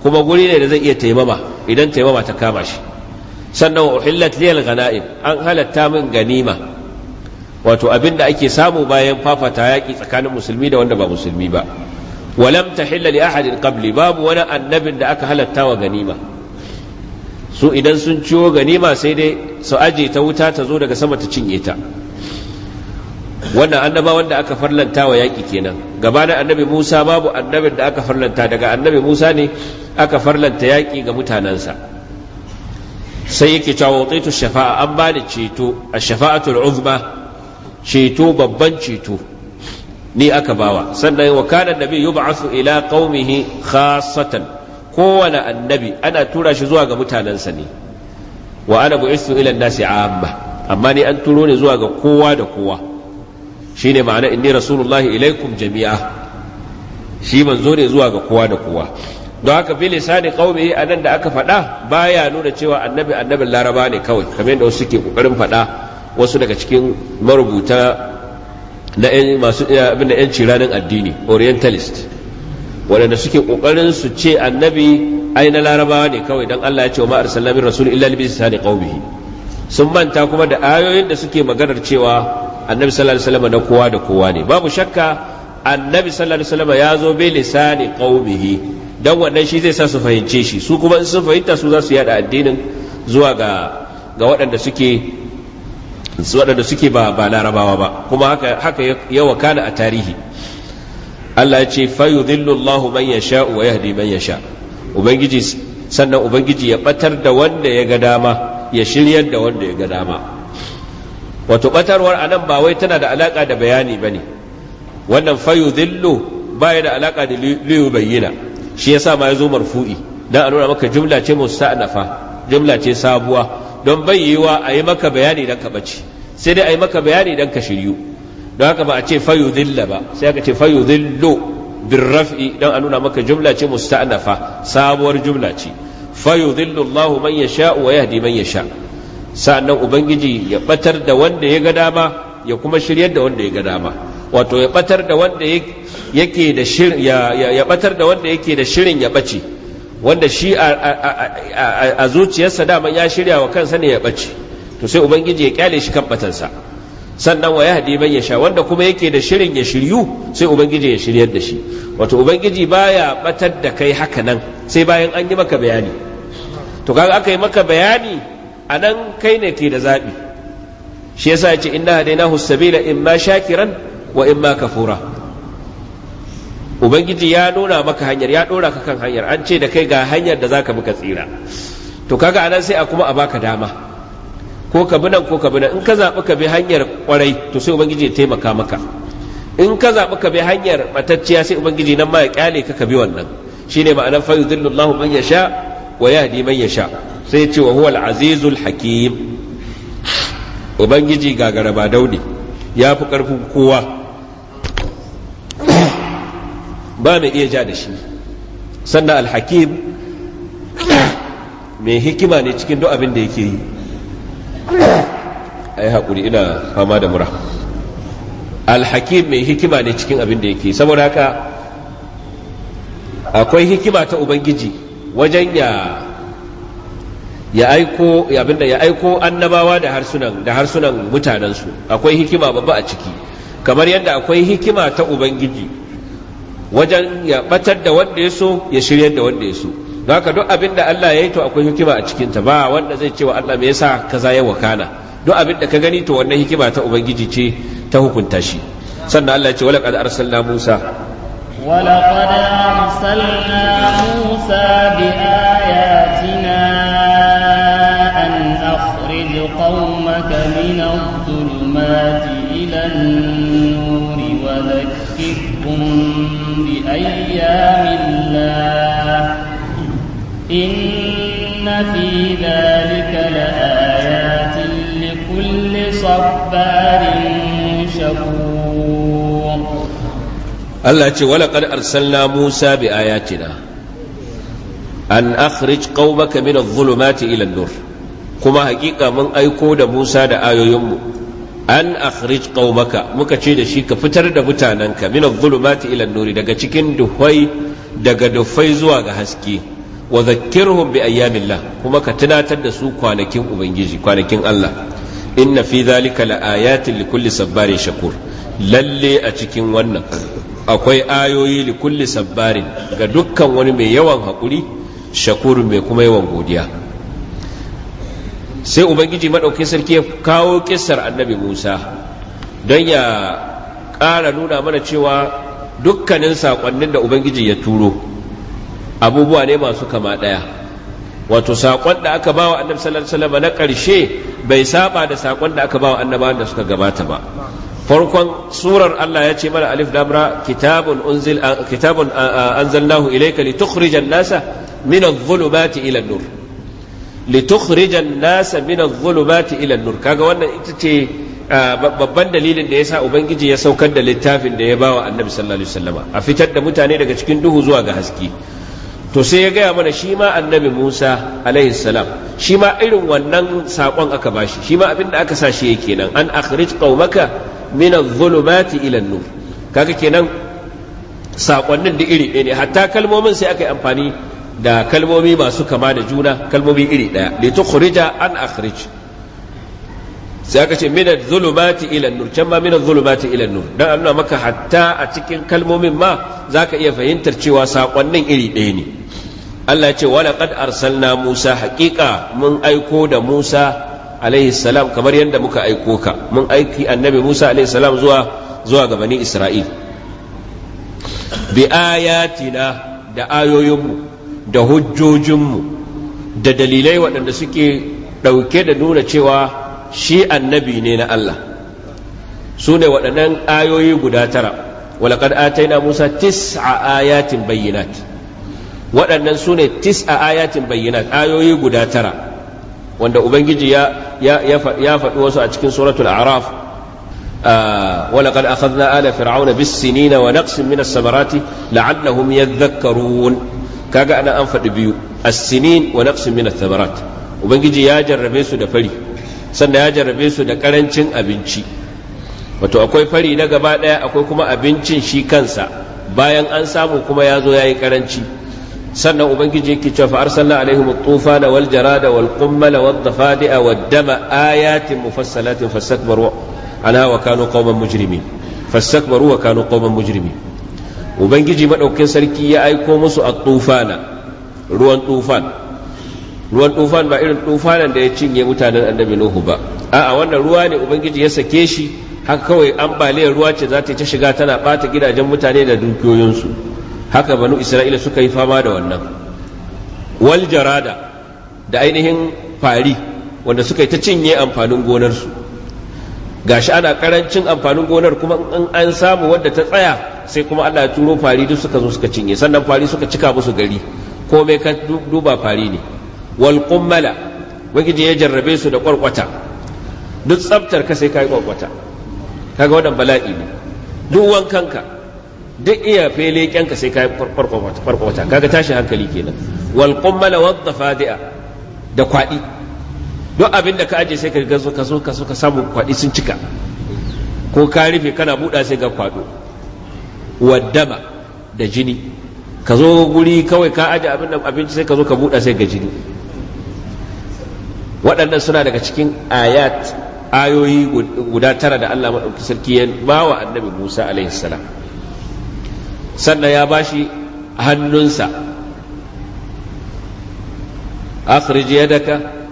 kuma guri ne da zai iya taimama idan taimama ta kama shi sannan wa uhillat liyal ghana'im an halatta min ganima wato abin da ake samu bayan fafata yaƙi tsakanin musulmi da wanda ba musulmi ba walam tahilla li ahadin qabli babu wani annabin da aka halatta wa ganima su idan sun ciwo ganima sai dai su aje ta wuta ta zo daga sama ta cinye ta wannan annaba wanda aka farlanta wa yaƙi kenan gabanin annabi musa babu annabin da aka farlanta daga annabi musa ne aka farlanta yaƙi ga mutanensa sai yake cewa watsaitu shafa'a an ba da ceto a shafa'atul uzma ceto babban ceto ni aka bawa sannan wa kana nabi yub'athu ila qaumihi khassatan kowane annabi ana tura shi zuwa ga mutanensa ne wa ana bu'istu ila nasi amma amma ni an turo ne zuwa ga kowa da kowa shine ma'ana inni rasulullahi ilaikum jami'a shi manzo ne zuwa ga kowa da kowa don haka lisanin kawai a anan da aka faɗa baya nuna cewa annabi annabin laraba ne kawai kamar yadda wasu suke kokarin faɗa wasu daga cikin marubuta na yan masu abin da yan ciranin addini orientalist waɗanda suke kokarin su ce annabi ai na larabawa ne kawai don Allah ya ce wa ma arsalna min rasul illa li lisanin qaumihi sun manta kuma da ayoyin da suke maganar cewa annabi sallallahu alaihi wasallam na kowa da kowa ne babu shakka annabi sallallahu alaihi wasallam ya zo bi lisanin qaumihi Don wannan shi zai sa su fahimce shi su kuma sun fahimta su za su yada addinin zuwa ga ga waɗanda suke waɗanda suke ba ba larabawa ba kuma haka haka ya wakana a tarihi Allah ya ce fa yudhillu Allahu man yasha wa yahdi man yasha ubangiji sannan ubangiji ya batar da wanda ya ga dama ya shiryar da wanda ya ga dama wato batarwar anan ba wai tana da alaka da bayani bane wannan fa yudhillu baya da alaka da liyu bayyana shi yasa ma ya zo marfu'i dan a nuna maka jumla ce musta'nafa jumla ce sabuwa don bai yiwa a yi maka bayani dan ka bace sai dai a yi maka bayani dan ka shiryu don haka ba a ce fayudilla ba sai aka ce fayudillu birraf'i dan a nuna maka jumla ce musta'nafa sabuwar jumla ce fayudillu Allahu man yasha wa yahdi man yasha sa'annan ubangiji ya batar da wanda ya ga dama ya kuma shiryar da wanda ya ga dama wato ya batar da wanda yake da shirin ya batar da wanda yake da shirin ya bace wanda shi a zuciyarsa daman ya shirya wa kansa ne ya bace to sai ubangiji ya kyale shi kan batansa sannan wa yahdi man yasha wanda kuma yake da shirin ya shiryu sai ubangiji ya shiryar da shi wato ubangiji baya batar da kai haka nan sai bayan an yi maka bayani to kaga aka yi maka bayani a nan kai ne ke da zaɓi shi yasa ya ce inna hadainahu sabila imma shakiran wa in ma kafura ubangiji ya nuna maka hanyar ya dora ka kan hanyar an ce da kai ga hanyar da zaka muka tsira to kaga anan sai a kuma a baka dama ko ka bi nan ko ka bi nan in ka zaɓi ka bi hanyar kwarai to sai ubangiji ya taimaka maka in ka zaɓi ka bi hanyar matacciya sai ubangiji nan ma ya kyale ka ka bi wannan shine ma'anar fa yudhillu Allahu man yasha wa yahdi man yasha sai ya ce wa huwal azizul hakim ubangiji gagara ba daudi ya fi karfin kowa ba mai iya ja da shi sannan alhakim [COUGHS] mai hikima ne cikin duk abin da yake yi [COUGHS] ai haƙuri ina fama da mura alhakim mai hikima ne cikin abin da yake saboda haka akwai hikima ta ubangiji wajen ya aiko abinda ya aiko annabawa da harsunan da harsunan mutanensu akwai hikima babba a ciki kamar yadda akwai hikima ta ubangiji wajen ya batar da wanda ya so ya shiryar da wanda ya so haka duk abin da Allah ya yi to akwai hikima a cikin ta ba wanda zai cewa Allah me yasa kaza ya wakana duk abin da ka gani to wannan hikima ta ubangiji ce ta hukunta shi sannan Allah ya ce wala qad arsalna Musa ولقد أرسلنا موسى بآياتنا أن أخرج قومك من الظلمات إن في ذلك لآيات لكل صبار شكور الله يقول ولقد أرسلنا موسى بآياتنا أن أخرج قومك من الظلمات إلى النور kuma hakika mun aiko da Musa da ayoyinmu an akhrij qaumaka muka ce da shi ka fitar da mutanenka min adh-dhulumati ila an-nuri daga cikin duhai daga dufai zuwa ga haske wa zakkirhum bi ayyamillah kuma ka tunatar da su kwanakin ubangiji kwanakin Allah inna fi dhalika laayatin likulli sabbarin shakur lalle a cikin wannan akwai ayoyi likulli sabbarin ga dukkan wani mai yawan hakuri shakur mai kuma yawan godiya sai ubangiji madaukin sarki ya kawo kissar annabi Musa don ya ƙara nuna mana cewa dukkanin saƙonnin da ubangiji ya turo abubuwa ne masu kama ɗaya wato saƙon da aka bawa annabi sallallahu alaihi na ƙarshe bai saba da saƙon da aka bawa annabawan da suka gabata ba farkon surar Allah ya ce mana alif lamra kitabun unzil kitabun anzalnahu ilayka litukhrijan nasa min adh-dhulumati ila an-nur litukhrijan nasa min adh-dhulumati ila an-nur kaga wannan ita ce babban dalilin da yasa ubangiji ya saukar da littafin da ya bawa annabi sallallahu alaihi wasallama a fitar da mutane daga cikin duhu zuwa ga haske to sai ya gaya mana shi ma annabi Musa alaihi salam shi ma irin wannan sakon aka bashi shi ma abin da aka sa shi yake nan an akhrij qaumaka min adh-dhulumati ila an-nur kaga kenan sakonnin da iri ɗaya ne hatta kalmomin sai aka yi amfani da kalmomi masu kama da juna kalmomi iri ɗaya li tukhrija an akhrij sai aka ce minal zulumati ila nur can ma minal zulumati ila nur dan Allah maka hatta a cikin kalmomin ma zaka iya fahimtar cewa sakonnin iri ɗaya ne Allah ya ce wala qad arsalna Musa haqiqa mun aiko da Musa alaihi salam kamar yadda muka aiko ka mun aiki annabi Musa alaihi salam zuwa zuwa ga bani Isra'il bi ayatina da ayoyinmu da hujjojinmu da dalilai waɗanda suke ɗauke da nuna cewa shi annabi ne na Allah su ne waɗannan ayoyi guda tara walaƙad ataina musa tis'a ayatin bayyinat waɗannan su ne tis'a ayatin bayyinat ayoyi guda tara wanda ubangiji ya ya faɗi wasu a cikin suratul araf ولقد أخذنا آل فرعون بالسنين ونقص من الثمرات لعلهم يذكرون كاغا أنا أنفد بيو السنين ونقص من الثمرات وبنجي يا جربيسو دفري sannan ya jarabe su da karancin abinci wato akwai fari na gaba ɗaya akwai kuma abincin shi kansa bayan an samu kuma ya zo ya yi karanci sannan ubangiji yake cewa fa arsalna alaihim at-tufana wal jarada wal qummala wad dafadi'a wad dama ayatin mufassalatin fastakbaru ana wa kanu qauman mujrimin fastakbaru wa kanu qauman mujrimin ubangiji madaukakin sarki ya aiko musu at-tufana ruwan tufan ruwan tufan ba irin tufanan da ya cinye mutanen annabi nuhu ba a'a wannan ruwa ne ubangiji ya sake shi haka kawai ambaliyar ruwa ce za ta ta shiga tana bata gidajen mutane da dukiyoyinsu haka banu isra'ila suka yi fama da wannan wal jarada da ainihin fari wanda suka yi ta cinye amfanin gonarsu gashi ana karancin amfanin gonar kuma in an samu wadda ta tsaya sai kuma Allah ya turo fari duk suka zo suka cinye sannan fari suka cika musu gari komai ka duba fari ne wal qummala ya jarrabe su da kwarkwata duk tsaftar ka sai kai kwarkwata kaga wannan bala'i ne duk wankanka duk iya fele kyanka sai kai kwarkwata kaga tashi hankali kenan wal qummala wad da kwadi duk abin ka aje sai ka ka ka ka samu sun cika ko ka rufe kana buɗa sai ga kwado waddama da jini ka zo guri kawai ka aje abin abinci sai ka zo ka buɗa sai ga jini waɗannan suna daga cikin ayat ayoyi guda tara da Allah maɗauki sarki ya ba wa annabi Musa alaihi salam sannan ya bashi hannunsa akhrij yadaka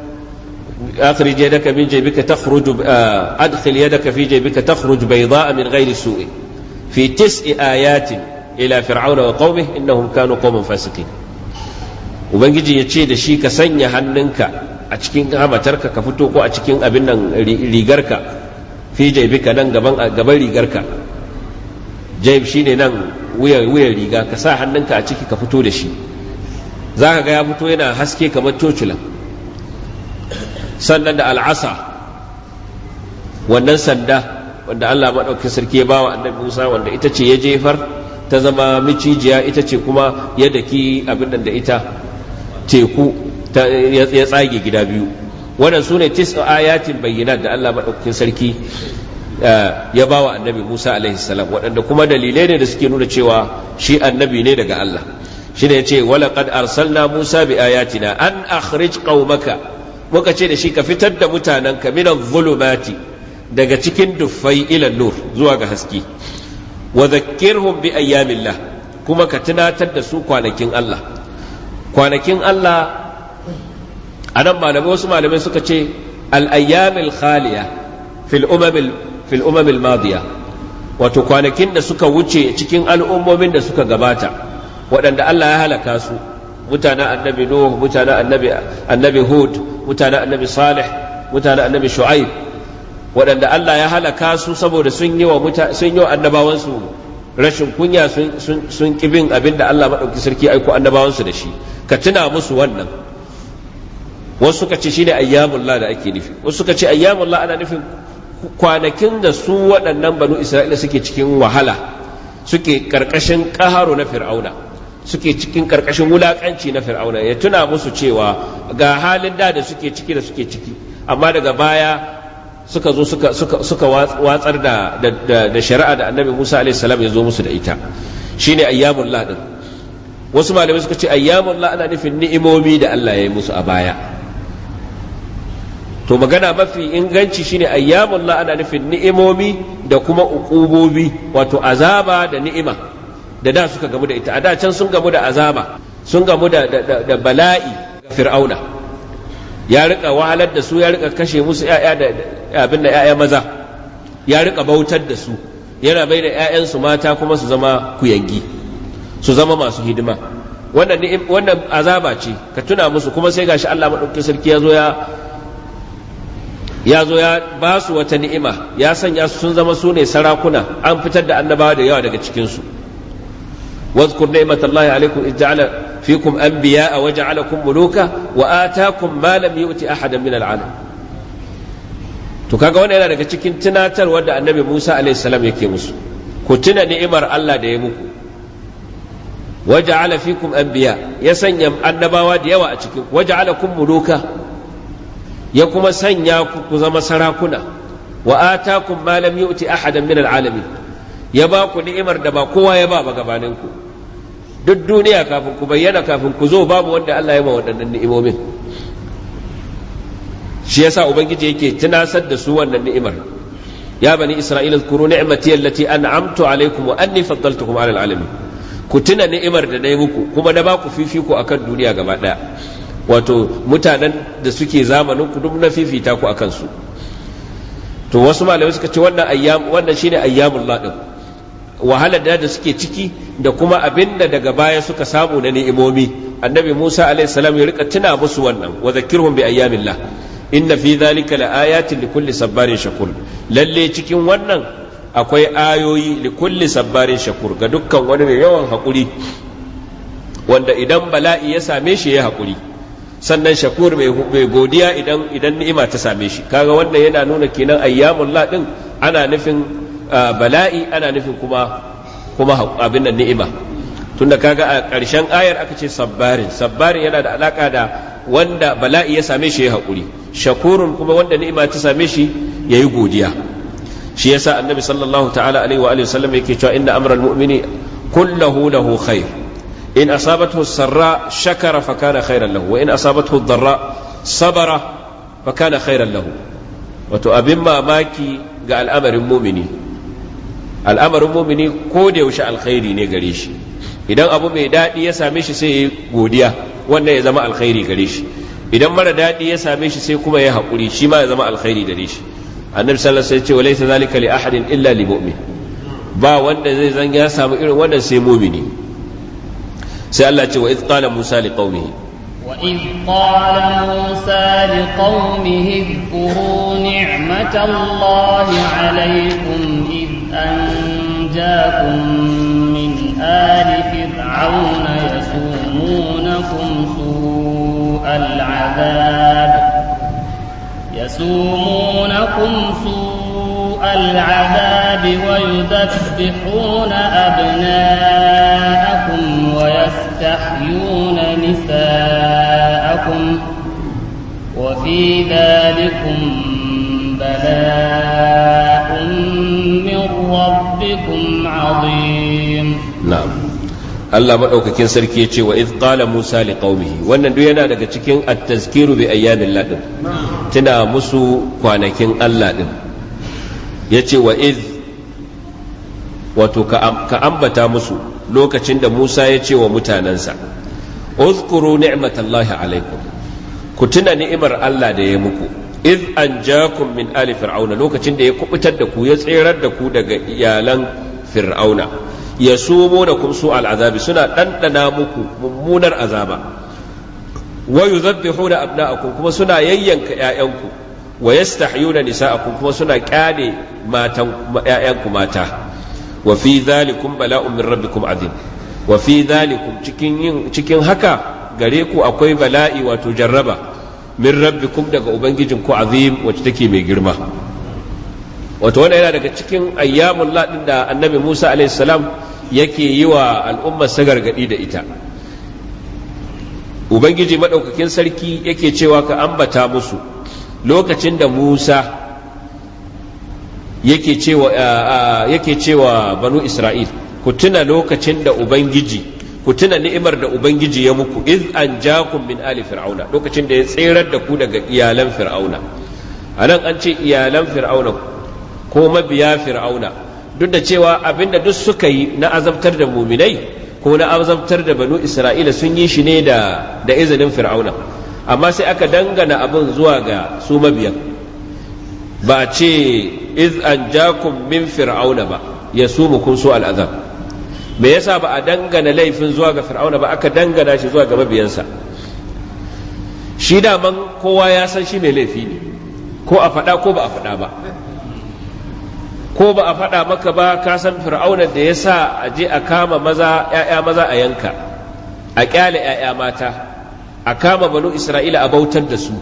أخرج يدك من جيبك تخرج أدخل يدك في جيبك تخرج بيضاء من غير سوء في تسع آيات إلى فرعون وقومه إنهم كانوا قوما فاسقين وبنجي هننك a cikin hamatarka ka fito ko a cikin abin nan rigarka fi jaibika nan gaban gaban rigarka jaib shine nan wuyar riga ka sa hannunka a ciki ka fito da shi zaka ga ya fito yana haske kamar tocilan sannan da al'asa wannan sanda wanda Allah maɗaukin sarki ya bawa annabi Musa wanda ita ce ya jefar ta zama micijiya ita ce kuma ya daki abin da ita teku ya tsage gida biyu waɗansu ne tis ayatin bayyana da Allah maɗaukakin sarki eh, ya bawa annabi Musa alaihi salam waɗanda kuma dalilai ne da suke nuna cewa shi annabi ne daga Allah shi ne ce walaƙad arsalna Musa bi ayatina an akhrij qaumaka muka ce da shi ka fitar da mutanenka minan zulumati daga cikin duffai ilan nur zuwa ga haske wa zakkirhum bi ayyamillah kuma ka tunatar da su kwanakin Allah kwanakin Allah anan malamai wasu malamai suka ce al-ayyamil khaliya fil umamil madiya wato kwanakin da suka wuce cikin al'ummomin da suka gabata waɗanda Allah ya halaka su mutanen annabi nuh mutanen annabi annabi hud mutanen annabi salih mutanen annabi shu'aib waɗanda Allah ya halaka su saboda sun yi wa annabawansu rashin kunya sun ƙi bin abin da Allah maɗauki sarki aiko annabawansu da shi ka tuna musu wannan wasu suka ce shine ayyamullah da ake nufi wasu suka ce ayyamullah ana nufin kwanakin da su waɗannan banu isra'ila suke cikin wahala suke karkashin ƙaharo na fir'auna suke cikin karkashin wulaƙanci na fir'auna ya tuna musu cewa ga halin da da suke ciki da suke ciki amma daga baya suka zo suka, suka, suka watsar da, da, da shari'a da annabi musa alaihi salam ya zo musu da ita shine ayyamullah din wasu malamai suka ce ayyamullah ana nufin ni'imomi da allah ya yi musu a baya to magana mafi inganci shine la ana nufin ni'imomi da kuma uqubobi wato azaba da ni'ima da da suka gamu da ita a da can sun gamu da azaba sun gamu da, da, bala'i ga fir'auna ya rika wahalar da su ya rika kashe musu ya'ya da abin da ya'ya maza ya rika bautar da su yana bai da 'ya'yansu mata kuma su zama kuyangi su zama masu hidima wannan azaba ce ka tuna musu kuma sai gashi Allah maɗauki sarki ya zo ya ya zo ya ba su wata ni'ima ya sanya su sun zama su ne sarakuna an fitar da annabawa da yawa daga cikinsu واذكر نعمة الله عليكم إذ جعل فيكم أنبياء وجعلكم ملوكا وآتاكم ما لم يؤت أحدا من العالم to kaga wannan yana daga cikin tunatarwar da annabi Musa alaihi salam yake musu ku tuna ni'imar Allah da ya muku waja'ala fikum anbiya ya sanya annabawa da yawa a cikin waja'alakum muluka ya kuma sanya ku ku zama sarakuna wa kun ma lam yu'ti ahadan min al'alamin ya ba ku ni'imar da ba kowa ya ba ba gabanin ku duk duniya kafin ku bayyana kafin ku zo babu wanda Allah ya ba waɗannan ni'imomin shi yasa ubangiji yake tunasar da su wannan ni'imar ya bani isra'ila kuru ni'mati allati an'amtu alaikum wa anni faddaltukum ala alamin ku tuna ni'imar da na yi muku kuma na ba ku fifiko akan duniya gaba daya wato mutanen da suke zamanin ku duk na fifita ku akan su to wasu malamai suka ce wannan ayyam wannan shine ayyamul ladin wahalar da suke ciki da kuma abinda daga baya suka samu na ni'imomi annabi Musa alaihi salam ya rika tuna musu wannan wa zakirhum bi ayyamillah inna fi dhalika laayatin likulli sabbarin shakur lalle cikin wannan akwai ayoyi likulli sabbarin shakur ga dukkan wani mai yawan hakuri wanda idan bala'i ya same shi ya hakuri sannan shakur mai godiya idan idan ni'ima ta same shi kaga wannan yana nuna kenan ayyamul la din ana nufin bala'i ana nufin kuma kuma abin nan ni'ima tunda kaga a ƙarshen ayar aka ce sabbarin sabbarin yana da alaka da wanda bala'i ya same shi ya haƙuri shakurun kuma wanda ni'ima ta same shi ya yi godiya shi yasa annabi sallallahu ta'ala alaihi wa alihi yake cewa inna amral mu'mini kullahu lahu khair in asabathu sarra shakara fa kana khairan lahu wa in asabathu darra sabara fa kana khairan lahu wato abin mamaki ga al'amarin mumini al'amarin mumini ko da yaushe alkhairi ne gare shi idan abu mai daɗi ya same shi sai ya godiya wannan ya zama alkhairi gare shi idan mara daɗi ya same shi sai kuma ya haƙuri shi ma ya zama alkhairi gare shi annabi sallallahu alaihi wasallam ya ce walaysa zalika li ahadin illa li mu'min ba wanda zai zan ya samu irin wannan sai mumini sai Allah وإذ قال موسى لقومه وإذ قال موسى لقومه اذكروا نعمة الله عليكم إذ أنجاكم من آل فرعون يسومونكم سوء العذاب يسومونكم سوء العذاب ويذبحون أبنائكم أبناءكم ويستحيون نساءكم وفي ذلكم بلاء من ربكم عظيم نعم الله maɗaukakin sarki ya ce wa iz qala Musa li qaumihi wannan yana daga cikin at-tazkiru bi ayyamin ladin tuna musu kwanakin Allah din yace wa iz wato ka ambata musu lokacin da Musa ya ce wa mutanensa uzkuru ni'matallahi alaikum ku tuna ni'imar Allah da ya muku iz anjakum min ali fir'auna lokacin da ya kubutar da ku ya tserar da ku daga iyalan fir'auna ya sumo da kum su al'azabi suna ɗanɗana muku mummunar azaba wa yuzabbihuna abna'akum kuma suna yayyanka 'ya'yanku wa yastahyuna nisa'akum kuma suna kyale matan 'ya'yanku mata wa fi dhalikum bala'un min rabbikum azim wa cikin yin cikin haka gare ku akwai bala'i wato jarraba min rabbikum daga ubangijin ku azim wacce take mai girma wato wannan yana daga cikin ayyamul ladin da annabi Musa alaihi salam yake yi wa al'ummar sa da ita ubangiji madaukakin sarki yake cewa ka ambata musu lokacin da Musa yake cewa yake cewa banu isra'il ku tuna lokacin da ubangiji ku tuna ni'imar da ubangiji ya muku iz anjakum min ali fir'auna lokacin da ya tserar da ku daga iyalan fir'auna anan an ce iyalan fir'auna ko mabiya fir'auna duk da cewa abinda duk suka yi na azabtar da muminai ko na azabtar da banu isra'ila sun yi shi ne da da izinin fir'auna amma sai aka dangana abin zuwa ga su mabiya ba ce iz anjakum min fir'auna ba kun su al'azab me yasa ba a dangana laifin zuwa ga fir'auna ba aka dangana shi zuwa ga mabiyansa shi daman kowa ya san shi mai laifi ne ko a faɗa ko ba a faɗa ba ko ba a faɗa maka ba ka san fir'auna da ya sa a je a kama maza ‘ya'ya maza a yanka a ƙyale ‘ya'ya mata a kama banu isra'ila a bautar da su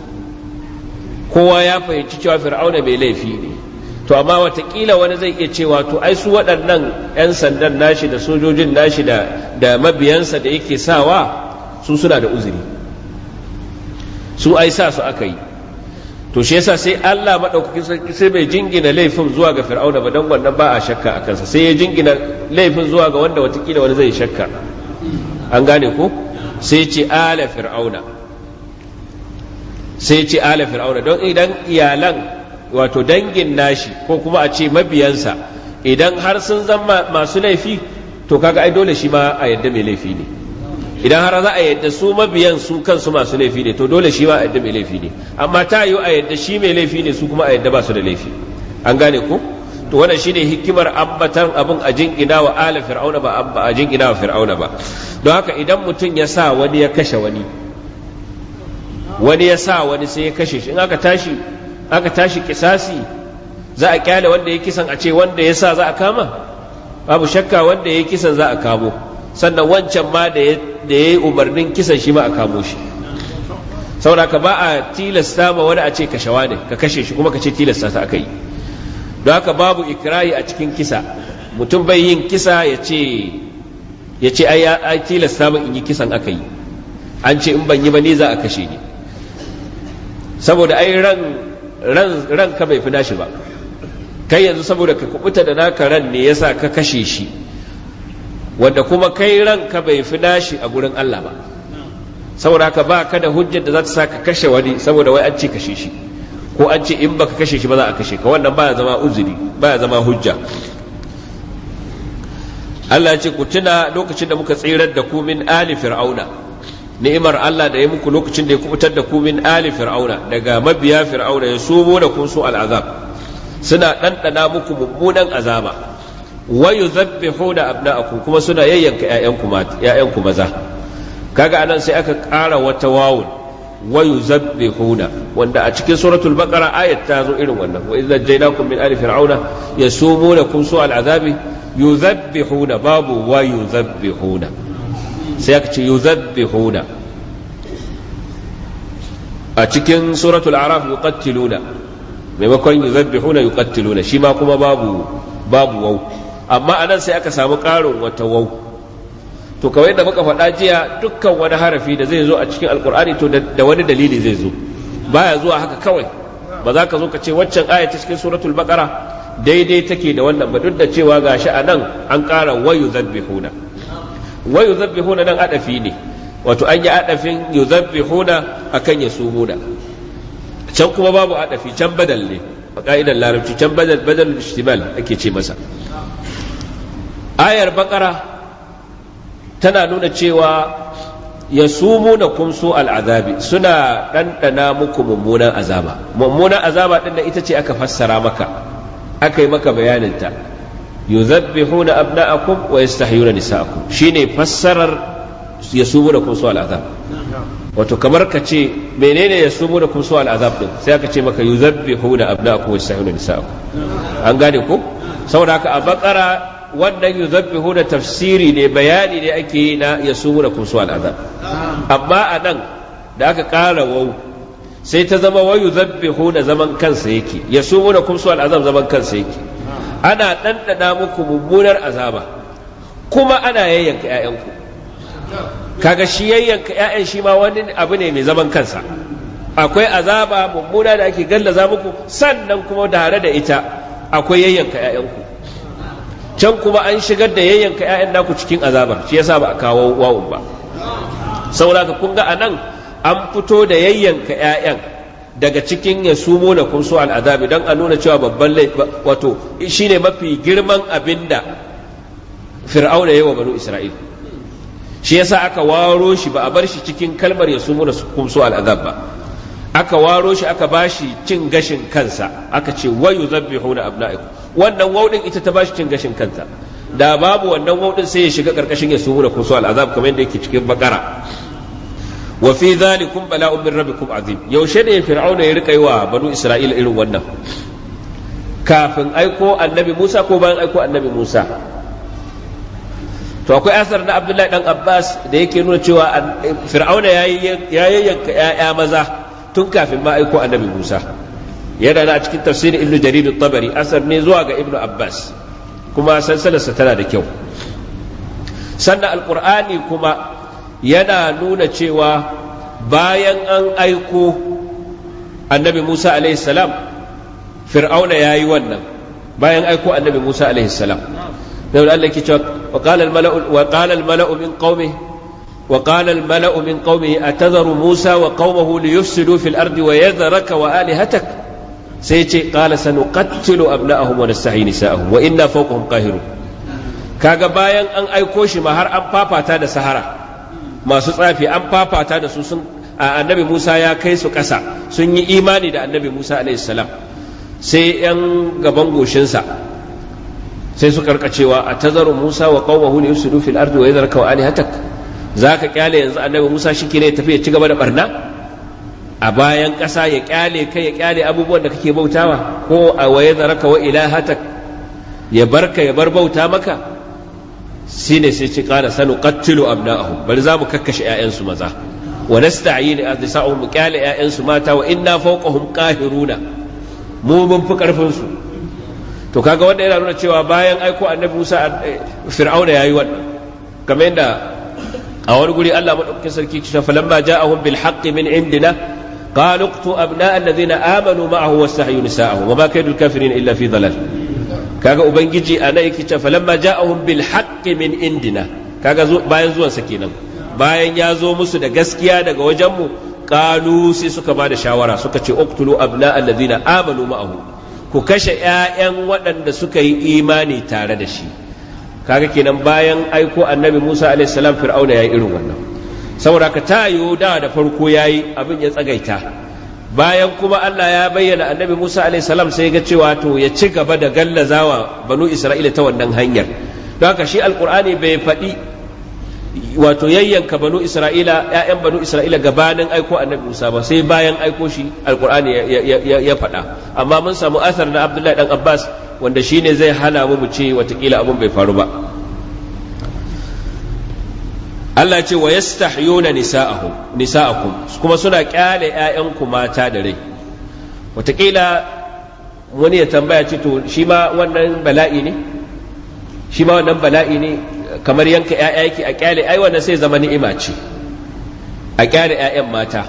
kowa ya fahimci cewa fir'auna mai laifi ne to amma watakila wani zai iya cewa to ai su waɗannan 'yan sandan nashi da sojojin nashi da mabiyansa da yake sawa su suna da uzuri su ai sa su aka yi to shi yasa sai Allah madaukakin sarki sai bai jingina laifin zuwa ga fir'auna ba dan wannan ba a shakka a kansa sai ya jingina laifin zuwa ga wanda watakila wani zai shakka an gane ko sai ce ala fir'auna sai ce ala fir'auna don idan iyalan wato dangin nashi ko kuma a ce mabiyansa idan har sun zama masu laifi to kaga ai dole shi ma a yadda mai laifi ne idan har za a yadda su mabiyan su kansu masu laifi ne to dole shi ma a yadda mai laifi ne amma ta yi a yadda shi mai laifi ne su kuma a yadda ba su da laifi an gane ku, to wannan shine hikimar ambatan abin a jingina wa ala fir'auna ba a jingina wa fir'auna ba don haka idan mutum ya sa wani ya kashe wani wani ya sa wani sai ya kashe shi in aka tashi aka tashi kisasi za a kyale wanda ya kisan a ce wanda ya sa za a kama babu shakka wanda ya kisan za a kamo sannan wancan ma da ya yi umarnin kisan shi ma a kamo shi saboda ka ba a tilasta ma wani a ce kashawa ne ka kashe shi kuma ka ce tilasta ta aka yi don haka babu ikirayi a cikin kisa mutum bai yin kisa ya ce ya ce ai tilasta min in yi kisan aka yi an ce in ban yi ba ne za a kashe ni saboda ai ran ranka bai fi nashi ba kai yanzu saboda ka kubuta da naka ran ne yasa ka kashe shi wanda kuma kai ranka bai fi nashi a gurin Allah ba saboda haka ba ka da hujjar da za ta sa ka kashe wani saboda wai an ce kashe shi ko an ce in baka kashe shi ba za a kashe ka wannan baya zama uzuri baya zama hujja Allah ya ce ku tuna lokacin da muka tsirar da ku min ali fir'auna ni'imar Allah da ya muku lokacin da ya kubutar da ku min ali fir'auna daga mabiya fir'auna ya sobo da kun su al'azab suna ɗanɗana muku mummunan azaba wa yuzabbihu da abna'akum kuma suna yayyanka ƴaƴanku mata ƴaƴanku maza kaga anan sai aka ƙara wata wawun wa yuzabbihuna wanda a cikin suratul baqara ayat ta zo irin wannan wa idza jaynakum min ali fir'auna yasumunakum su'al azabi yuzabbihuna babu wa yuzabbihuna sai aka ce yuzabbihuna a cikin suratul araf yuqattiluna maimakon yuzabbihuna yuqattiluna shi ma kuma babu babu wau amma anan sai aka samu ƙarin wata wau to kawai da muka faɗa jiya dukkan wani harafi da zai zo a cikin alkur'ani to da wani dalili zai zo baya zuwa haka kawai ba za ka zo ka ce waccan aya ta cikin suratul baqara daidai take da wannan ba duk da cewa gashi anan an kara wayu zabbihuna wa yuzabbihuna nan adafi ne wato an yi adafin yuzabbihuna akan yasumuna can kuma babu adafi can badal ne a ka'idar larabci can badal badal ake ce masa ayar bakara tana nuna cewa yasumuna kum su al'azabi suna ɗanɗana muku mummunan azaba mummunan azaba ɗin ita ce aka fassara maka aka yi maka bayaninta yuzabbihuna abna'akum wa yastahyuna nisa'akum shine fassarar kun su al'azab wato kamar ka ce menene kun su al'azab din sai aka ce maka yuzabbihuna abna'akum wa yastahyuna nisa'akum an gane ku saboda haka a bakara wannan yuzabbihuna tafsiri ne bayani ne ake yi na kun su al'azab amma a nan da aka kara wau sai ta zama wa yuzabbihuna zaman kansa yake kun su al'azab zaman kansa yake ana ɗanɗana muku mummunar azaba kuma ana yayyanka 'ya'yanku kaga shi yayyanka 'ya'yan shi ma wani abu ne mai zaman kansa akwai azaba mummuna da ake gallaza muku sannan kuma tare da ita akwai yayyanka 'ya'yanku can kuma an shigar da yayyanka 'ya'yan naku cikin azabar shi yasa ba a kawo wawun ba saboda kun ga anan an fito da yayyanka 'ya'yan daga cikin ya sumo na kun so al'adabi don a nuna cewa babban laifi wato shi ne mafi girman abin da fir'auna da yawa banu isra'il shi yasa aka waro shi ba a bar shi cikin kalmar ya sumo na kun al'adab ba aka waro shi aka bashi cin gashin kansa aka ce wayu zabbihuna abna'ikum wannan waudin ita ta bashi cin gashin kansa da babu wannan waudin sai ya shiga karkashin ya sumo na kun so al'adab kamar yadda yake cikin bakara wa fi Bala bala'un rabi rabbikum azim yaushe ne fir'auna ya rika yi wa banu isra'ila irin wannan kafin aiko annabi Musa ko aiko annabi Musa to akwai asar na Abdullahi dan Abbas da yake nuna cewa fir'auna ya yayyanka ya'ya maza tun kafin ma aiko annabi Musa yana na cikin tafsirin ibnu Jarir at-Tabari asar ne zuwa ga Ibnu Abbas kuma sansalarsa tana da kyau sannan alqur'ani kuma yana nuna cewa bayan an aiko annabi Musa salam fir'auna ya yi wannan bayan aiko annabi Musa salam da Allah ke cewa wa qala وقال الملأ من قومه أتذر موسى وقومه ليفسدوا في الأرض ويذرك وآلهتك قال سنقتل أبناءهم ونستحيي نساءهم وإنا فوقهم قاهرون kaga bayan an aiko shi ma har an fafata da masu tsafi an fafata da su sun annabi Musa ya kai su ƙasa sun yi imani da annabi Musa a.s. sai 'yan gaban goshinsa sai su karkacewa a tazaru Musa wa qaumahu li yusidu fil ardu wa hatak. Za ka kyale yanzu annabi Musa shi ne tafi ya ci gaba da barna a bayan ƙasa ya kyale kai ya kyale abubuwan da kake bautawa ko a wa kawai wa hatak ya barka ya bar bauta maka shine sai ci qala sanu qattilu abna'ahum bal za mu kakkashe 'ya'yansu maza wa nasta'in azisa'uhum mu kyale ƴaƴansu mata wa inna fawqahum qahiruna mu mun fi karfin su to kaga wanda yana nuna cewa bayan aiko annabi Musa eh, fir'auna yayi wannan kamar yadda a wani guri Allah madaukakin sarki ce falamma ja'ahum bil haqqi min indina qalu qtu abna'a alladhina amanu ma'ahu wastahyu nisa'ahum wa ma kaydu kafirin illa fi dhalal kaga ubangiji a nan yake cewa lamma ja'ahum bil haqqi min indina kaga bayan zuwan sa kenan bayan ya zo musu da gaskiya daga wajenmu qalu sai suka ba da shawara suka ce uqtulu abna alladhina amanu ma'ahu ku kashe ƴaƴan waɗanda suka yi imani tare da shi kaga kenan bayan aiko annabi Musa alaihi salam fir'auna yi irin wannan saboda ka tayo da da farko yayi abin ya tsagaita bayan kuma Allah ya bayyana annabi Musa alaihi salam sai ga cewa to ya ci gaba da gallazawa banu Isra'ila ta wannan hanyar don haka shi alqur'ani bai faɗi wato yayyanka banu Isra'ila ƴaƴan banu Isra'ila gabanin aiko annabi Musa ba sai bayan aiko shi alqur'ani ya faɗa amma mun samu asar da Abdullahi dan Abbas wanda shine zai hana mu mu ce watakila abun bai faru ba Allah ce wa yastahyuna nisa'ahum nisa'akum kuma suna kyale ƴaƴanku mata da rai wataƙila wani ya tambaya ce to shi ma wannan bala'i ne shi ma wannan bala'i ne kamar yanka ƴaƴa yake a kyale ai wannan sai zama ni'ima ce a kyale ƴaƴan mata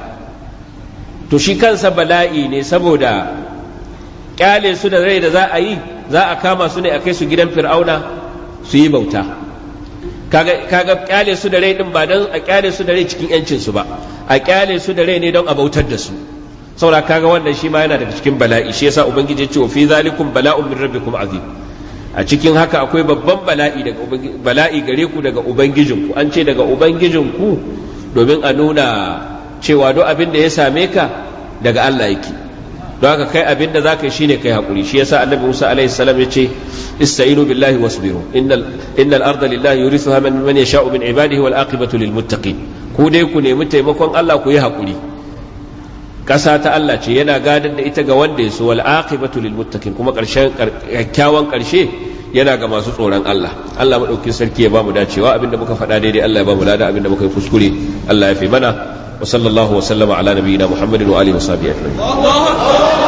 to shi kansa bala'i ne saboda kyale su da rai da za a yi za a kama su ne a kai su gidan fir'auna su yi bauta kaga kyale su da rai din ba dan a kyale su da rai cikin yancin su ba a kyale su da rai ne don a bautar da su saboda kaga wannan shi ma yana daga cikin bala'i shi yasa ubangiji ya ce fi zalikum bala'un min rabbikum azim a cikin haka akwai babban bala'i daga bala'i gare ku daga ubangijin ku. an ce daga ubangijin ku domin a nuna cewa duk abin da ya same ka daga Allah yake don haka kai abin da za ka yi shine kai hakuri shi yasa annabi musa alaihi salam ya ce istainu billahi wasbiru innal arda lillahi yurithuha man man yasha'u min ibadihi wal aqibatu lil muttaqin ku dai ku nemi taimakon Allah ku yi hakuri ƙasa ta Allah ce yana gadar da ita ga wanda ya so wal aqibatu lil muttaqin kuma ƙarshen kyakkyawan ƙarshe yana ga masu tsoron Allah Allah madaukakin sarki ya bamu dacewa abinda muka faɗa daidai Allah ya bamu lada abinda muka yi kuskure Allah ya fi mana wa sallallahu wa sallama ala nabiyina muhammadin wa alihi wa sahbihi ajma'in